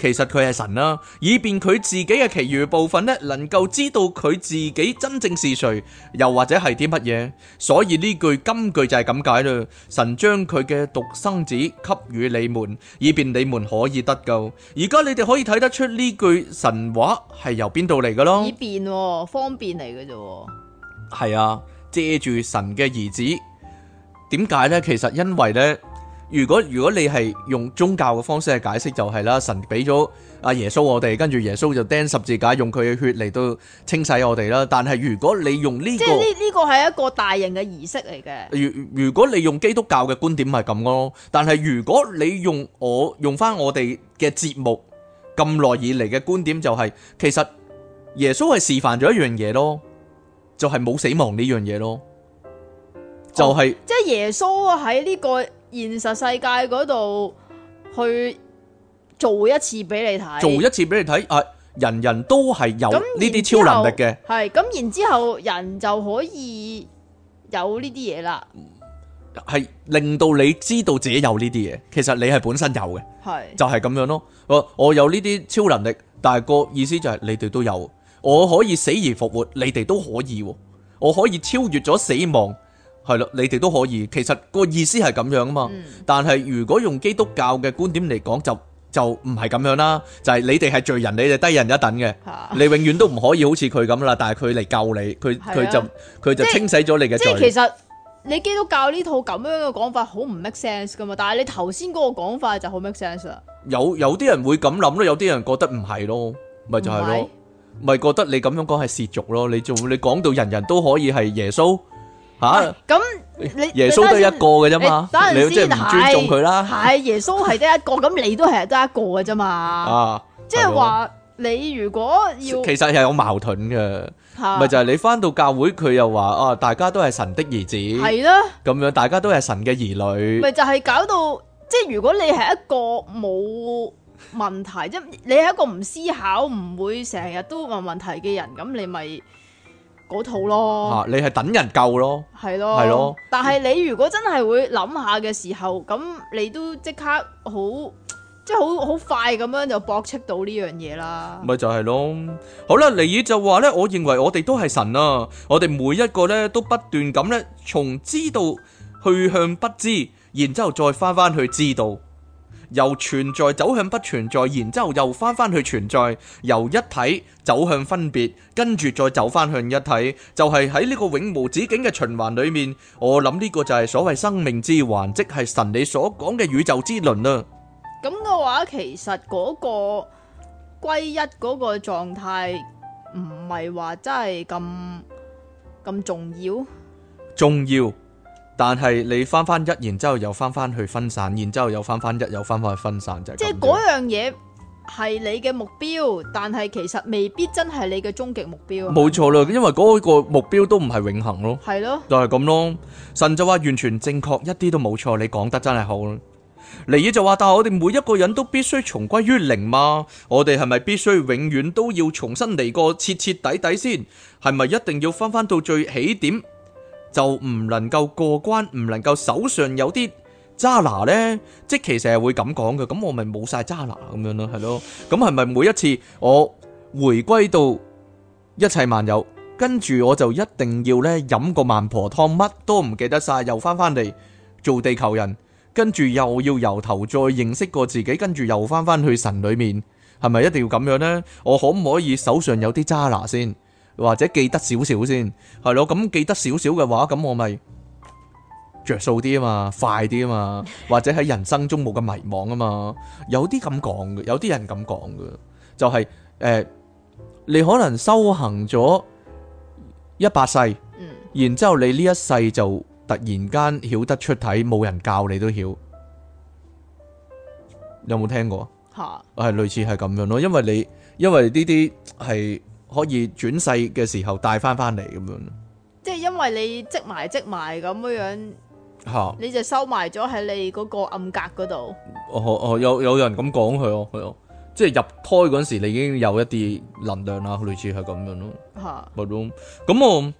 其實佢係神啦，啊，以便佢自己嘅其餘部分呢，能夠知道佢自己真正是誰，又或者係啲乜嘢？所以呢句金句就係咁解啦。神將佢嘅獨生子給予你們，以便你們可以得救。而家你哋可以睇得出呢句神話係由邊度嚟㗎咯，以便，哦，方便嚟嘅啫。係啊，借住神嘅兒子。點解呢？其實因為呢。如果如果你係用宗教嘅方式去解釋就係啦，神俾咗阿耶穌我哋，跟住耶穌就釘十字架，用佢嘅血嚟到清洗我哋啦。但係如果你用呢個，即係呢呢個係一個大型嘅儀式嚟嘅。如果如果你用基督教嘅觀點係咁咯，但係如果你用我用翻我哋嘅節目咁耐以嚟嘅觀點就係，其實耶穌係示範咗一樣嘢咯，就係冇死亡呢樣嘢咯，就係即係耶穌喺呢個。現實世界嗰度去做一次俾你睇，做一次俾你睇。誒，人人都係有呢啲超能力嘅，係咁。然之後人就可以有呢啲嘢啦，係令到你知道自己有呢啲嘢。其實你係本身有嘅，係是就係咁樣咯。我我有呢啲超能力，但係個意思就係你哋都有。我可以死而復活，你哋都可以。我可以超越咗死亡。係咯，你哋都可以。其實個意思係咁樣啊嘛。但係如果用基督教嘅觀點嚟講，就就唔係咁樣啦。就係你哋係罪人，你哋低人一等嘅。你永遠都唔可以好似佢咁啦。但係佢嚟救你，佢佢就佢就清洗咗你嘅罪。即係其實你基督教呢套咁樣嘅講法好唔 make sense 噶嘛？但係你頭先嗰個講法就好 make sense 啦。有有啲人會咁諗咯，有啲人覺得唔係咯，咪就係咯，咪覺得你咁樣講係褻瀆咯。你仲你講到人人都可以係耶穌。吓，咁你耶穌都係一個嘅啫嘛，你即係唔尊重佢啦。係耶穌係得一個，咁你都係得一個嘅啫嘛。啊，即係話你如果要，其實係有矛盾嘅，咪就係你翻到教會佢又話啊，大家都係神的兒子，係咯，咁樣大家都係神嘅兒女。咪就係搞到即係如果你係一個冇問題即，你係一個唔思考唔會成日都問問題嘅人，咁你咪。套咯，啊、你係等人救咯，係咯，係咯。但係你如果真係會諗下嘅時候，咁你都即刻好，即係好好快咁樣就駁斥到呢樣嘢啦。咪就係咯。好啦，尼爾就話呢：「我認為我哋都係神啊，我哋每一個呢都不斷咁呢，從知道去向不知，然之後再翻翻去知道。由存在走向不存在，然之後又翻返去存在，由一體走向分別，跟住再走返向一體，就係喺呢個永無止境嘅循環裏面。我諗呢個就係所謂生命之環，即係神你所講嘅宇宙之輪啦。咁嘅話，其實嗰個歸一嗰個狀態，唔係話真係咁咁重要。重要。但係你翻翻一，然之後又翻翻去分散，然之後又翻翻一，又翻翻去分散，就是、即係嗰樣嘢係你嘅目標，但係其實未必真係你嘅終極目標。冇錯啦，因為嗰個目標都唔係永恆咯。係咯，就係咁咯。神就話完全正確，一啲都冇錯，你講得真係好。尼爾就話，但係我哋每一個人都必須重歸於零嘛。我哋係咪必須永遠都要重新嚟過徹徹底底先？係咪一定要翻翻到最起點，就唔能夠過關，唔能夠手上有啲渣拿呢？即其實係會咁講嘅。咁我咪冇晒渣拿咁樣咯，係咯。咁係咪每一次我回歸到一切萬有，跟住我就一定要呢飲個孟婆湯，乜都唔記得晒，又翻翻嚟做地球人，跟住又要由頭再認識過自己，跟住又翻翻去神裏面，係咪一定要咁樣呢？我可唔可以手上有啲渣拿先？或者記得少少先，係咯，咁記得少少嘅話，咁我咪著數啲啊嘛，快啲啊嘛，或者喺人生中冇咁迷惘啊嘛，有啲咁講嘅，有啲人咁講嘅，就係誒，你可能修行咗一百世，嗯，然之後你呢一世就突然間曉得出體，冇人教你都曉，有冇聽過？嚇，係類似係咁樣咯，因為你因為呢啲係。可以轉世嘅時候帶翻翻嚟咁樣，即係因為你積埋積埋咁樣，嚇，你就收埋咗喺你嗰個暗格嗰度，哦。哦哦，有有人咁講佢哦，係啊，哦，即係入胎嗰陣時，你已經有一啲能量啦，類似係咁樣咯，嚇。冇咁冇。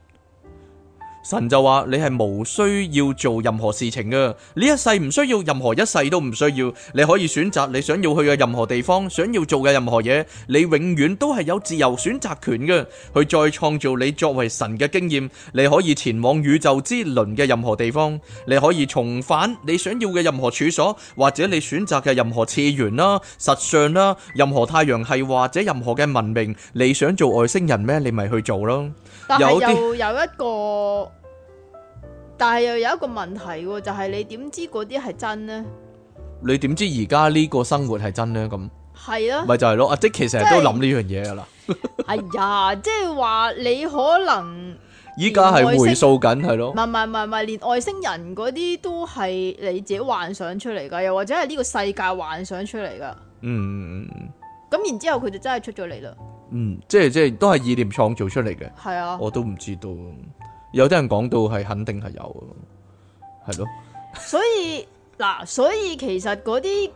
神就話你係無需要做任何事情噶，你一世唔需要，任何一世都唔需要。你可以選擇你想要去嘅任何地方，想要做嘅任何嘢，你永遠都係有自由選擇權嘅，去再創造你作為神嘅經驗。你可以前往宇宙之輪嘅任何地方，你可以重返你想要嘅任何處所，或者你選擇嘅任何次元啦、實相啦、任何太陽系或者任何嘅文明。你想做外星人咩？你咪去做咯。但係又有一個。但係又有一個問題喎，就係、是、你點知嗰啲係真呢？你點知而家呢個生活係真呢？咁係啊？咪就係咯。阿 Dick 其實是都諗呢樣嘢噶啦。哎呀， 即係話你可能依家係回溯緊係咯。唔係唔係唔係，連外星人嗰啲都係你自己幻想出嚟噶，又或者係呢個世界幻想出嚟噶。嗯嗯嗯。咁然之後佢就真係出咗嚟啦。嗯，即係即係都係意念創造出嚟嘅。係啊，我都唔知道。有啲人講到係肯定係有，係咯。所以嗱，所以其實嗰啲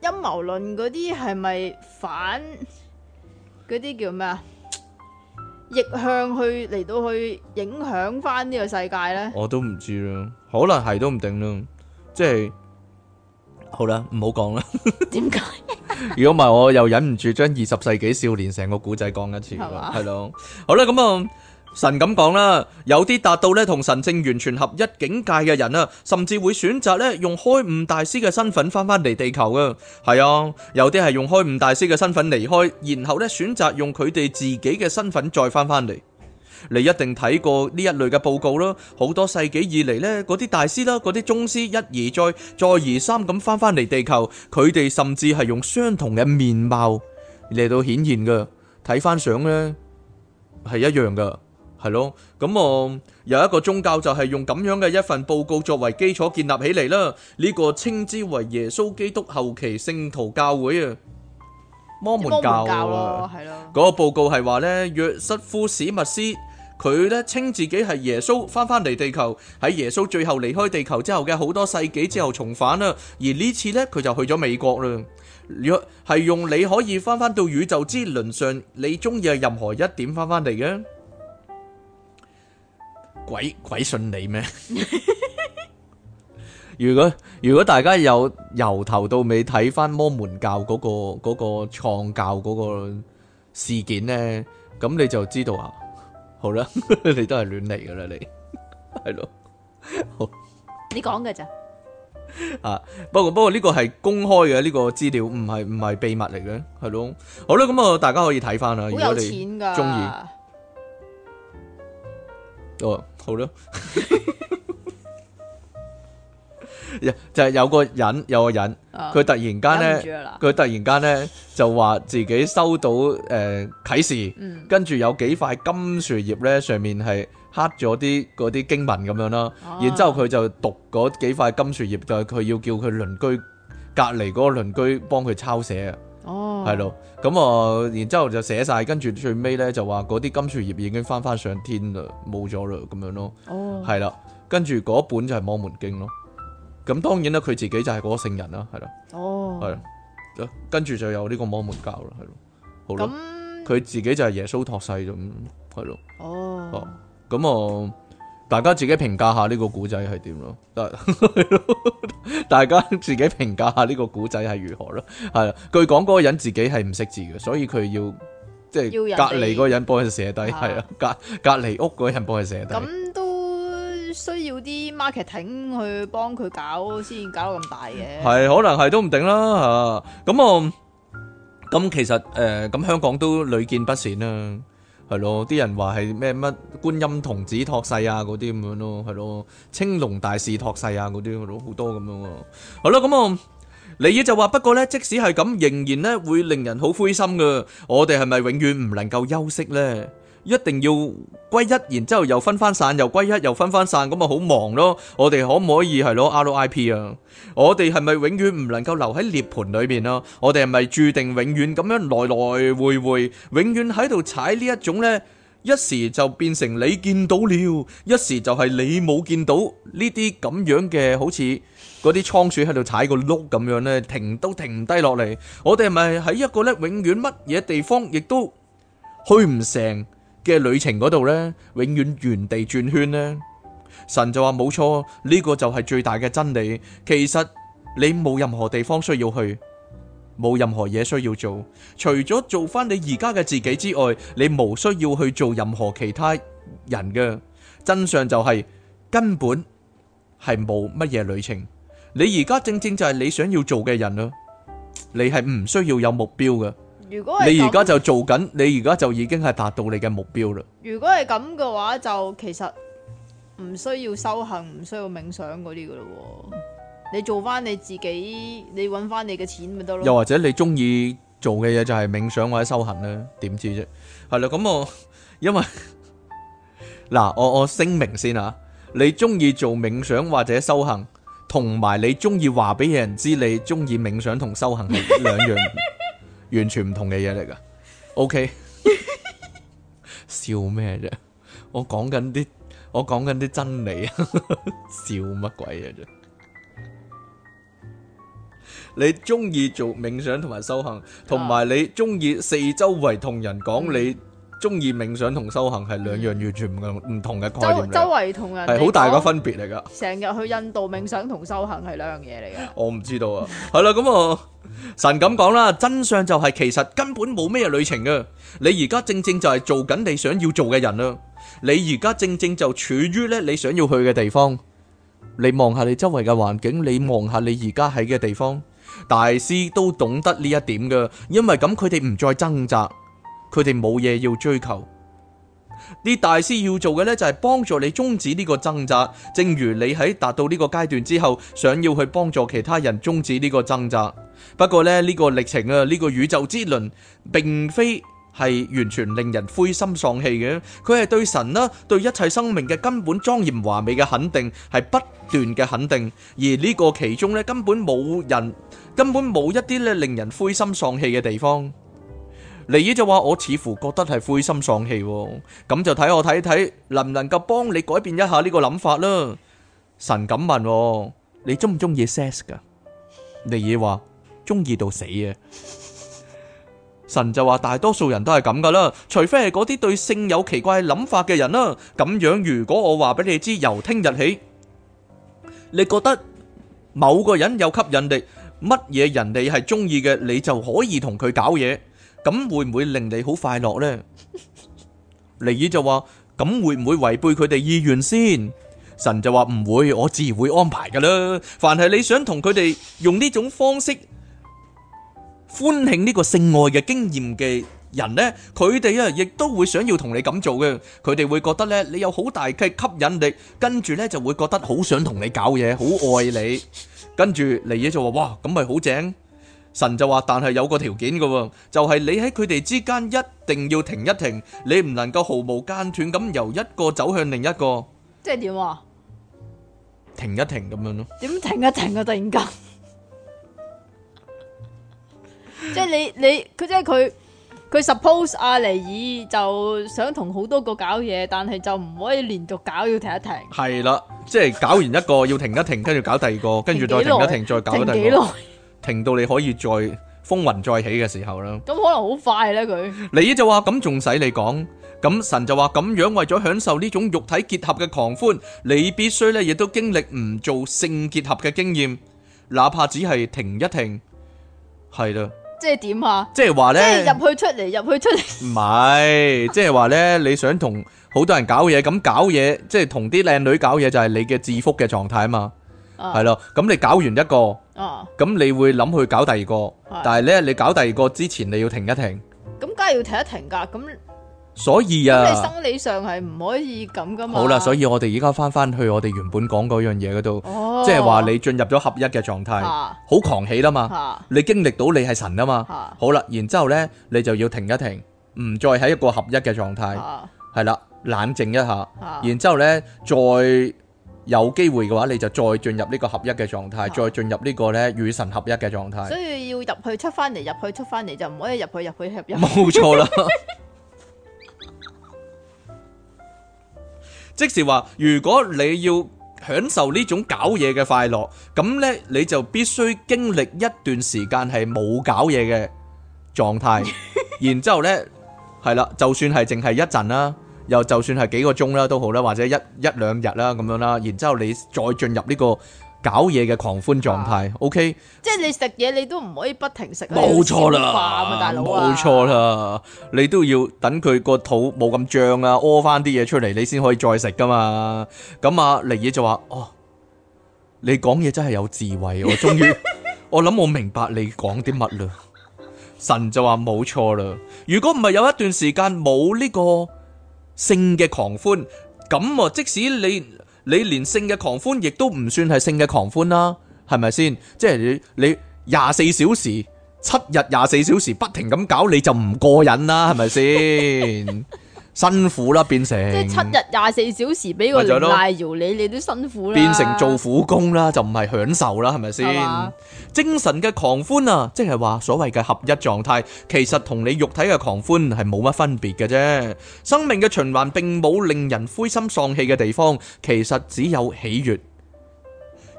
陰謀論嗰啲係咪反嗰啲叫咩啊？逆向去嚟到去影響翻呢個世界咧？我都唔知啦，可能係都唔定咯。即係好啦，唔好講啦。點 解為何？如果唔係，我又忍唔住將二十世紀少年成個古仔講一次。係嘛的？係咯。好啦，咁啊。神咁講啦，有啲達到咧同神正完全合一境界嘅人啊，甚至會選擇咧用開悟大師嘅身份翻返嚟地球噶。係啊，有啲係用開悟大師嘅身份離開，然後咧選擇用佢哋自己嘅身份再翻返嚟。你一定睇過呢一類嘅報告啦，好多世紀以嚟呢，嗰啲大師啦，嗰啲宗師一而再，再而三咁翻返嚟地球，佢哋甚至係用相同嘅面貌嚟到顯現噶。睇翻相咧係一樣噶。係咯，咁我有一個宗教就係用咁樣嘅一份報告作為基礎建立起嚟啦。呢個稱之為耶穌基督後期聖徒教會啊，摩門教咯，係咯。嗰個報告係話咧，約瑟夫史密斯佢咧稱自己係耶穌翻翻嚟地球，喺耶穌最後離開地球之後嘅好多世紀之後重返啦。而呢次咧，佢就去咗美國啦。若係用你可以翻翻到宇宙之輪上，你中意係任何一點翻翻嚟嘅。鬼鬼信你咩？ 如果如果大家有由頭到尾睇翻摩門教嗰個嗰個創教嗰個事件咧，咁你就知道啊。好啦， 你都係亂嚟噶啦， 你係咯。好，你講嘅咋？啊，不過不過呢個係公開嘅呢個資料，唔係唔係秘密嚟嘅，係咯。好啦，咁啊大家可以睇翻啦。好有錢噶，如果你中意哦。好咯， 就係有個人有個人，佢、啊、突然間呢，佢突然間呢，就話自己收到誒呃、啟示，嗯、跟住有幾塊金樹葉呢，上面係刻咗啲嗰啲經文咁樣啦，啊啊然之後佢就讀嗰幾塊金樹葉就係佢要叫佢鄰居隔籬嗰個鄰居幫佢抄寫啊，哦，係咯。咁啊、嗯，然之後就寫晒，跟住最尾咧就話嗰啲金樹葉已經翻翻上天啦，冇咗啦，咁樣咯。哦、oh.，係啦，跟住嗰本就係、是《摩門經》咯。咁當然啦，佢自己就係嗰個聖人啦，係啦。哦、oh.，係。跟住就有呢、這個摩門教啦，係咯。好啦。咁佢 That 自己就係耶穌託世咁，係咯。哦。哦、oh. 嗯，咁、嗯、我。嗯嗯大家自己評價下呢個古仔係點咯？ 大家自己評價下呢個古仔係如何咯？係啦，據講嗰個人自己係唔識字嘅，所以佢要即係、就是、隔離嗰人幫佢寫低，係啊，隔隔離屋嗰人幫佢寫低。咁、啊、都需要啲 marketing 去幫佢搞先搞到咁大嘅。係，可能係都唔定啦吓。咁啊，咁其實誒，咁、呃、香港都屢見不鮮啦。啊係咯，啲人話係咩乜觀音童子託世啊，嗰啲咁樣咯，係咯青龍大使託世啊，嗰啲都好多咁樣。好啦，咁、嗯、啊，李野就話，不過咧，即使係咁，仍然咧會令人好灰心噶。我哋係咪永遠唔能夠休息咧？一定要歸一，然之後又分翻散，又歸一，又分翻散，咁咪好忙咯！我哋可唔可以係攞 RIP 啊？我哋係咪永遠唔能夠留喺涅盤裏面啊？我哋係咪注定永遠咁樣來來回回，永遠喺度踩呢一種呢？一時就變成你見到了，一時就係你冇見到呢啲咁樣嘅，好似嗰啲倉鼠喺度踩個轆咁樣呢，停都停唔低落嚟。我哋係咪喺一個呢永遠乜嘢地方，亦都去唔成？嘅旅程嗰度呢，永遠原地轉圈呢。神就話，冇錯，呢個就係最大嘅真理。其實你冇任何地方需要去，冇任何嘢需要做，除咗做翻你而家嘅自己之外，你冇需要去做任何其他人嘅。真相就係根本係冇乜嘢旅程。你而家正正就係你想要做嘅人啊！你係唔需要有目標嘅。如果你而家就做緊，你而家就已經係達到你嘅目標啦。如果係咁嘅話，就其實唔需要修行，唔需要冥想嗰啲噶咯。你做翻你自己，你搵翻你嘅錢咪得咯。又或者你中意做嘅嘢就係冥想或者修行咧，點知啫？係啦，咁我因為嗱，我我聲明先吓，你中意做冥想或者修行，同埋你中意話俾人知你中意冥想同修行係兩樣嘢。完全唔同嘅嘢嚟噶，OK，笑咩啫？我講緊啲，我講緊啲真理，笑乜鬼嘢啫？ 你中意做冥想同埋修行，同埋 Yeah. 你中意四周圍同人講 Yeah. 你。 中意冥想同修行係兩樣完全唔同唔同嘅概念，周周圍同人係好大個分別嚟噶。成日去印度冥想同修行係兩樣嘢嚟噶。我唔知道啊。係啦，咁啊，神咁講啦，真相就係其實根本冇咩旅程噶。你而家正正就係做緊你想要做嘅人啦。你而家正正就處於咧你想要去嘅地方。你望下你周圍嘅環境，你望下你而家喺嘅地方。大師都懂得呢一點噶，因為咁佢哋唔再掙扎。佢哋冇嘢要追求，啲大師要做嘅，呢，就係幫助你終止呢個掙扎。正如你喺達到呢個階段之後，想要去幫助其他人終止呢個掙扎。不過呢，呢個歷程啊，呢個宇宙之輪，並非係完全令人灰心喪氣嘅。佢係對神啦，對一切生命嘅根本莊嚴華美嘅肯定，係不斷嘅肯定。而呢個其中呢，根本冇人，根本冇一啲咧令人灰心喪氣嘅地方。尼爾就話：我似乎覺得係灰心喪氣喎，咁就睇我睇睇能唔能夠幫你改變一下呢個諗法啦。神咁問：你中唔中意 sex 噶？尼爾話：中意到死啊！神就話：大多數人都係咁噶啦，除非係嗰啲對性有奇怪諗法嘅人啦。咁樣如果我話俾你知，由聽日起，你覺得某個人有吸引力，乜嘢人你係中意嘅，你就可以同佢搞嘢。咁會唔會令你好快樂呢？尼爾就話：咁會唔會違背佢哋意願先？神就話：唔會，我自然會安排噶啦。凡係你想同佢哋用呢種方式歡慶呢個性愛嘅經驗嘅人呢，佢哋啊亦都會想要同你咁做嘅。佢哋會覺得呢你有好大嘅吸引力，跟住呢就會覺得好想同你搞嘢，好愛你。跟住尼爾就話：哇，咁咪好正！神就話，但係有個條件噶喎，就係你喺佢哋之間一定要停一停，你唔能夠毫無間斷咁由一個走向另一個。即係點啊？停一停咁樣咯。點停一停啊突然間？即係你你佢即係佢佢 suppose 阿尼爾就想同好多個搞嘢，但係就唔可以連續搞，要停一停。係啦，即係搞完一個要停一停，跟住搞第二個，跟住再停一停，再搞第二個。停到你可以再風雲再起嘅時候啦，咁可能好快咧佢。你就話咁仲使你講，咁神就話咁樣，為咗享受呢種肉體結合嘅狂歡，你必須咧亦都經歷唔做性結合嘅經驗，哪怕只係停一停，係啦 。即係點啊？即係話咧，入去出嚟，入去出嚟。唔係，即係話咧，你想同好多人搞嘢，咁搞嘢即係同啲靚女搞嘢就係你嘅自福嘅狀態啊嘛，係咯、啊，咁你搞完一個。哦，咁你會諗去搞第二個，但係咧你搞第二個之前你要停一停。咁梗係要停一停噶，咁所以啊，生理上係唔可以咁噶嘛。好啦，所以我哋而家翻翻去我哋原本講嗰樣嘢嗰度，即係話你進入咗合一嘅狀態，好狂喜啊嘛，你經歷到你係神啊嘛。好啦，然之後咧你就要停一停，唔再喺一個合一嘅狀態，係啦，冷靜一下，然之後咧再。有機會嘅話，你就再進入呢個合一嘅狀態，再進入呢個咧與神合一嘅狀態。所以要入去出翻嚟，入去出翻嚟就唔可以入去入去合一。冇錯啦。即是話，如果你要享受呢種搞嘢嘅快樂，咁咧你就必須經歷一段時間係冇搞嘢嘅狀態。然之後咧，係啦，就算係淨係一陣啦。又就算係幾個鐘啦，都好啦，或者一一兩日啦，咁樣啦，然之後你再進入呢個搞嘢嘅狂歡狀態，OK，即係你食嘢，你都唔可以不停食，冇錯啦，冇錯啦，啊、你都要等佢個肚冇咁脹啊，屙返啲嘢出嚟，你先可以再食㗎嘛。咁啊，尼爾就話哦，你講嘢真係有智慧， 我終於，我諗我明白你講啲乜啦。神就話冇錯啦，如果唔係有一段時間冇呢、這個。性嘅狂歡，咁啊，即使你你連性嘅狂歡，亦都唔算係性嘅狂歡啦、啊，係咪先？即係你你廿四小時七日廿四小時不停咁搞，你就唔過癮啦、啊，係咪先？ 辛苦啦，變成即係七日廿四小時俾個奴隸搖你，你都辛苦啦。變成做苦工啦，就唔係享受啦，係咪先？吧精神嘅狂歡啊，即係話所謂嘅合一狀態，其實同你肉體嘅狂歡係冇乜分別嘅啫。生命嘅循環並冇令人灰心喪氣嘅地方，其實只有喜悅，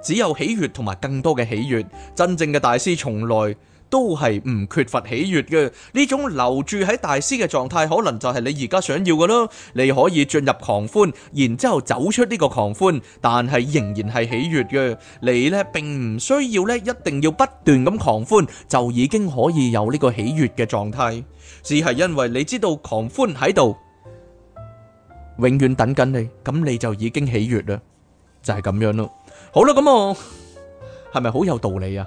只有喜悅同埋更多嘅喜悅。真正嘅大師從來。都係唔缺乏喜悦嘅呢種留住喺大師嘅狀態，可能就係你而家想要嘅啦。你可以進入狂歡，然之後走出呢個狂歡，但係仍然係喜悦嘅。你呢並唔需要咧，一定要不斷咁狂歡，就已經可以有呢個喜悦嘅狀態。只係因為你知道狂歡喺度，永遠等緊你，咁你就已經喜悦啦。就係咁樣咯。好啦，咁我係咪好有道理啊？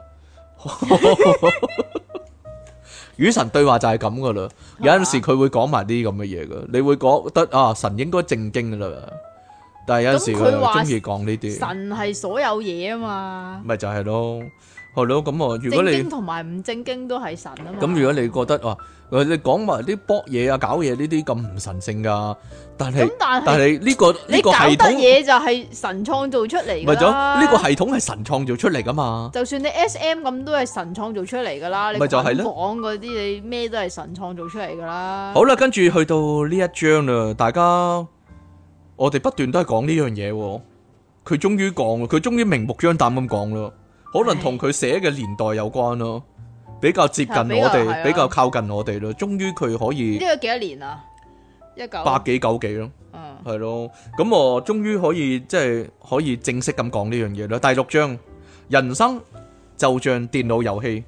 與神對話就係咁噶啦，有陣時佢會講埋啲咁嘅嘢噶，你會覺得啊，神應該正經噶啦，但係有陣時佢中意講呢啲。神係所有嘢啊嘛，咪就係咯，係咯，咁我如果你正經同埋唔正經都係神啊嘛。咁如果你覺得啊。你講埋啲卜嘢啊，搞嘢呢啲咁唔神聖噶，但係但係呢個呢個系統嘢就係神創造出嚟噶啦。呢個系統係神創造出嚟噶嘛？就算你 S M 咁都係神創造出嚟噶啦。你咪就係咯，講嗰啲你咩都係神創造出嚟噶啦。好啦，跟住去到呢一章啦，大家我哋不斷都係講呢樣嘢，佢終於講，佢終於明目張膽咁講咯，可能同佢寫嘅年代有關咯。比較接近我哋，啊、比較、比較靠近我哋咯。啊、終於佢可以呢個幾多年啊？一九百幾九幾咯，嗯，係咯。咁我終於可以即係、就是、可以正式咁講呢樣嘢啦。第六章，人生就像電腦遊戲。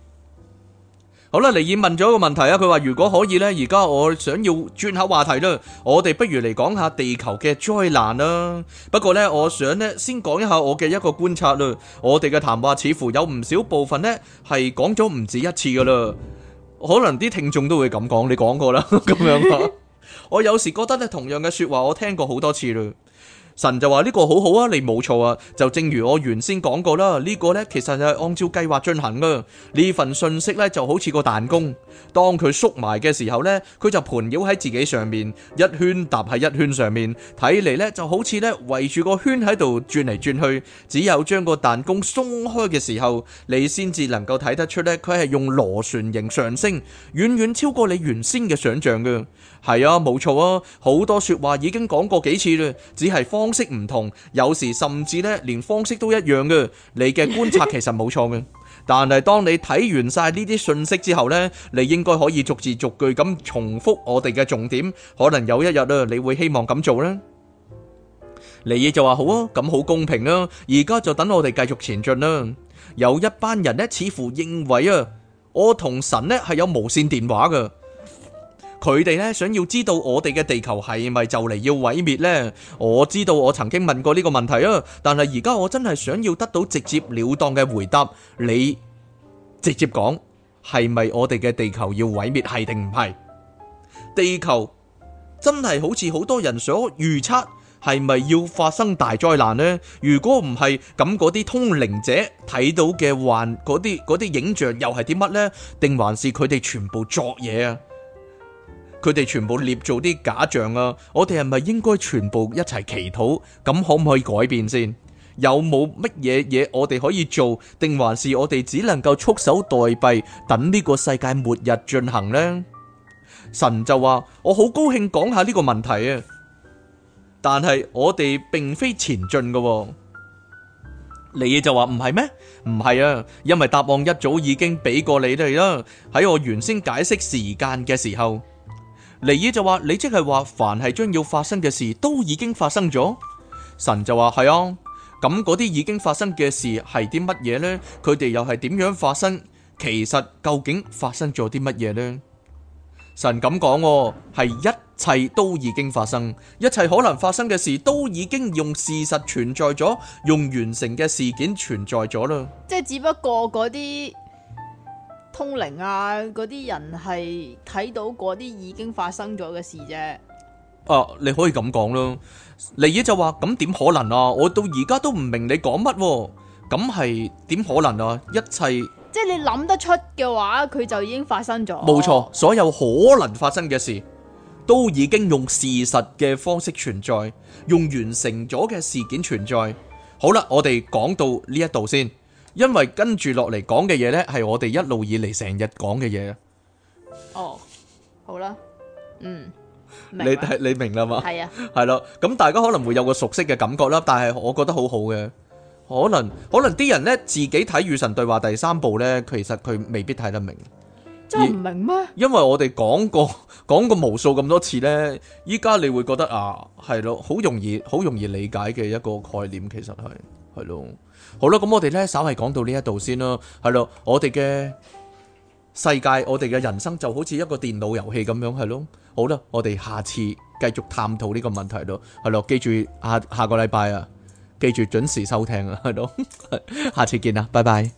好啦，尼爾問咗一個問題啊，佢話如果可以呢，而家我想要轉下話題啦，我哋不如嚟講下地球嘅災難啦。不過呢，我想呢，先講一下我嘅一個觀察啦，我哋嘅談話似乎有唔少部分呢係講咗唔止一次噶啦，可能啲聽眾都會咁講，你講過啦，咁樣啦。我有時覺得咧，同樣嘅說話我聽過好多次啦。神就話，呢個好好啊，你冇錯啊，就正如我原先講過啦，呢個呢其實就係按照計劃進行噶呢份信息呢就好似個彈弓，當佢縮埋嘅時候呢，佢就盤繞喺自己上面，一圈搭喺一圈上面，睇嚟，呢就好似呢圍住個圈喺度轉嚟轉去。只有將個彈弓鬆開嘅時候，你先至能夠睇得出呢，佢係用螺旋形上升，遠遠超過你原先嘅想象噶。係啊，冇錯啊，好多說話已經講過幾次啦，只係方式唔同，有時甚至呢連方式都一樣嘅。你嘅觀察其實冇錯嘅， 但係當你睇完晒呢啲信息之後呢，你應該可以逐字逐句咁重複我哋嘅重點。可能有一日啊，你會希望咁做呢。你耶就話好啊，咁好公平啦，而家就等我哋繼續前進啦。有一班人呢，似乎認為啊，我同神呢係有無線電話嘅。佢哋呢，想要知道我哋嘅地球係咪就嚟要毀滅呢？我知道我曾經問過呢個問題啊，但係而家我真係想要得到直接了當嘅回答。你直接講，係咪我哋嘅地球要毀滅，係定唔係？地球真係好似好多人所預測係咪要發生大災難呢？如果唔係，咁嗰啲通靈者睇到嘅幻嗰啲嗰啲影像，又係啲乜呢？定還是佢哋全部作嘢啊？佢哋全部捏造啲假象啊！我哋係咪應該全部一齊祈禱？咁可唔可以改變先？有冇乜嘢嘢我哋可以做？定還是我哋只能夠束手待斃，等呢個世界末日進行呢？神就話：我好高興講下呢個問題啊！但係我哋並非前進㗎。你就話唔係咩？唔係啊，因為答案一早已經俾過你哋啦。喺我原先解釋時間嘅時候。尼爾就話：你即係話，凡係將要發生嘅事都已經發生咗。神就話：係啊，咁嗰啲已經發生嘅事係啲乜嘢呢？佢哋又係點樣發生？其實究竟發生咗啲乜嘢呢？神咁講，係一切都已經發生，一切可能發生嘅事都已經用事實存在咗，用完成嘅事件存在咗啦。即係只不過嗰啲。通靈啊，嗰啲人係睇到嗰啲已經發生咗嘅事啫。啊，你可以咁講咯。你而家就話咁點可能啊？我到而家都唔明你講乜，咁係點可能啊？一切即係你諗得出嘅話，佢就已經發生咗。冇錯，所有可能發生嘅事都已經用事實嘅方式存在，用完成咗嘅事件存在。好啦，我哋講到呢一度先。因為跟住落嚟講嘅嘢呢，係我哋一路以嚟成日講嘅嘢。哦，好啦，嗯，你你明啦嘛？係啊，係咯。 咁大家可能會有個熟悉嘅感覺啦，但係我覺得好好嘅。可能可能啲人呢，自己睇與神對話第三部呢，其實佢未必睇得明。真唔明咩？因為我哋講過講過無數咁多次呢，依家你會覺得啊，係咯，好容易好容易理解嘅一個概念，其實係係咯。好啦，咁我哋呢，稍係講到呢一度先啦，係咯，我哋嘅世界，我哋嘅人生就好似一個電腦遊戲咁樣，係咯。好啦，我哋下次繼續探討呢個問題咯，係咯，記住下下個禮拜啊，記住準時收聽啊，係咯，下次見啦，拜拜。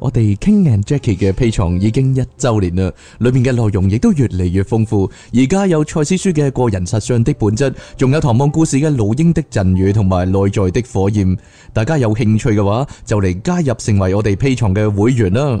我哋 King and Jackie 嘅 Patreon 已經一周年啦，裏面嘅內容亦都越嚟越豐富。而家有賽斯書嘅《個人實相的本質》，仲有唐望故事嘅《老鷹的贈予》同埋《內在的火焰》。大家有興趣嘅話，就嚟加入成為我哋 Patreon 嘅會員啦！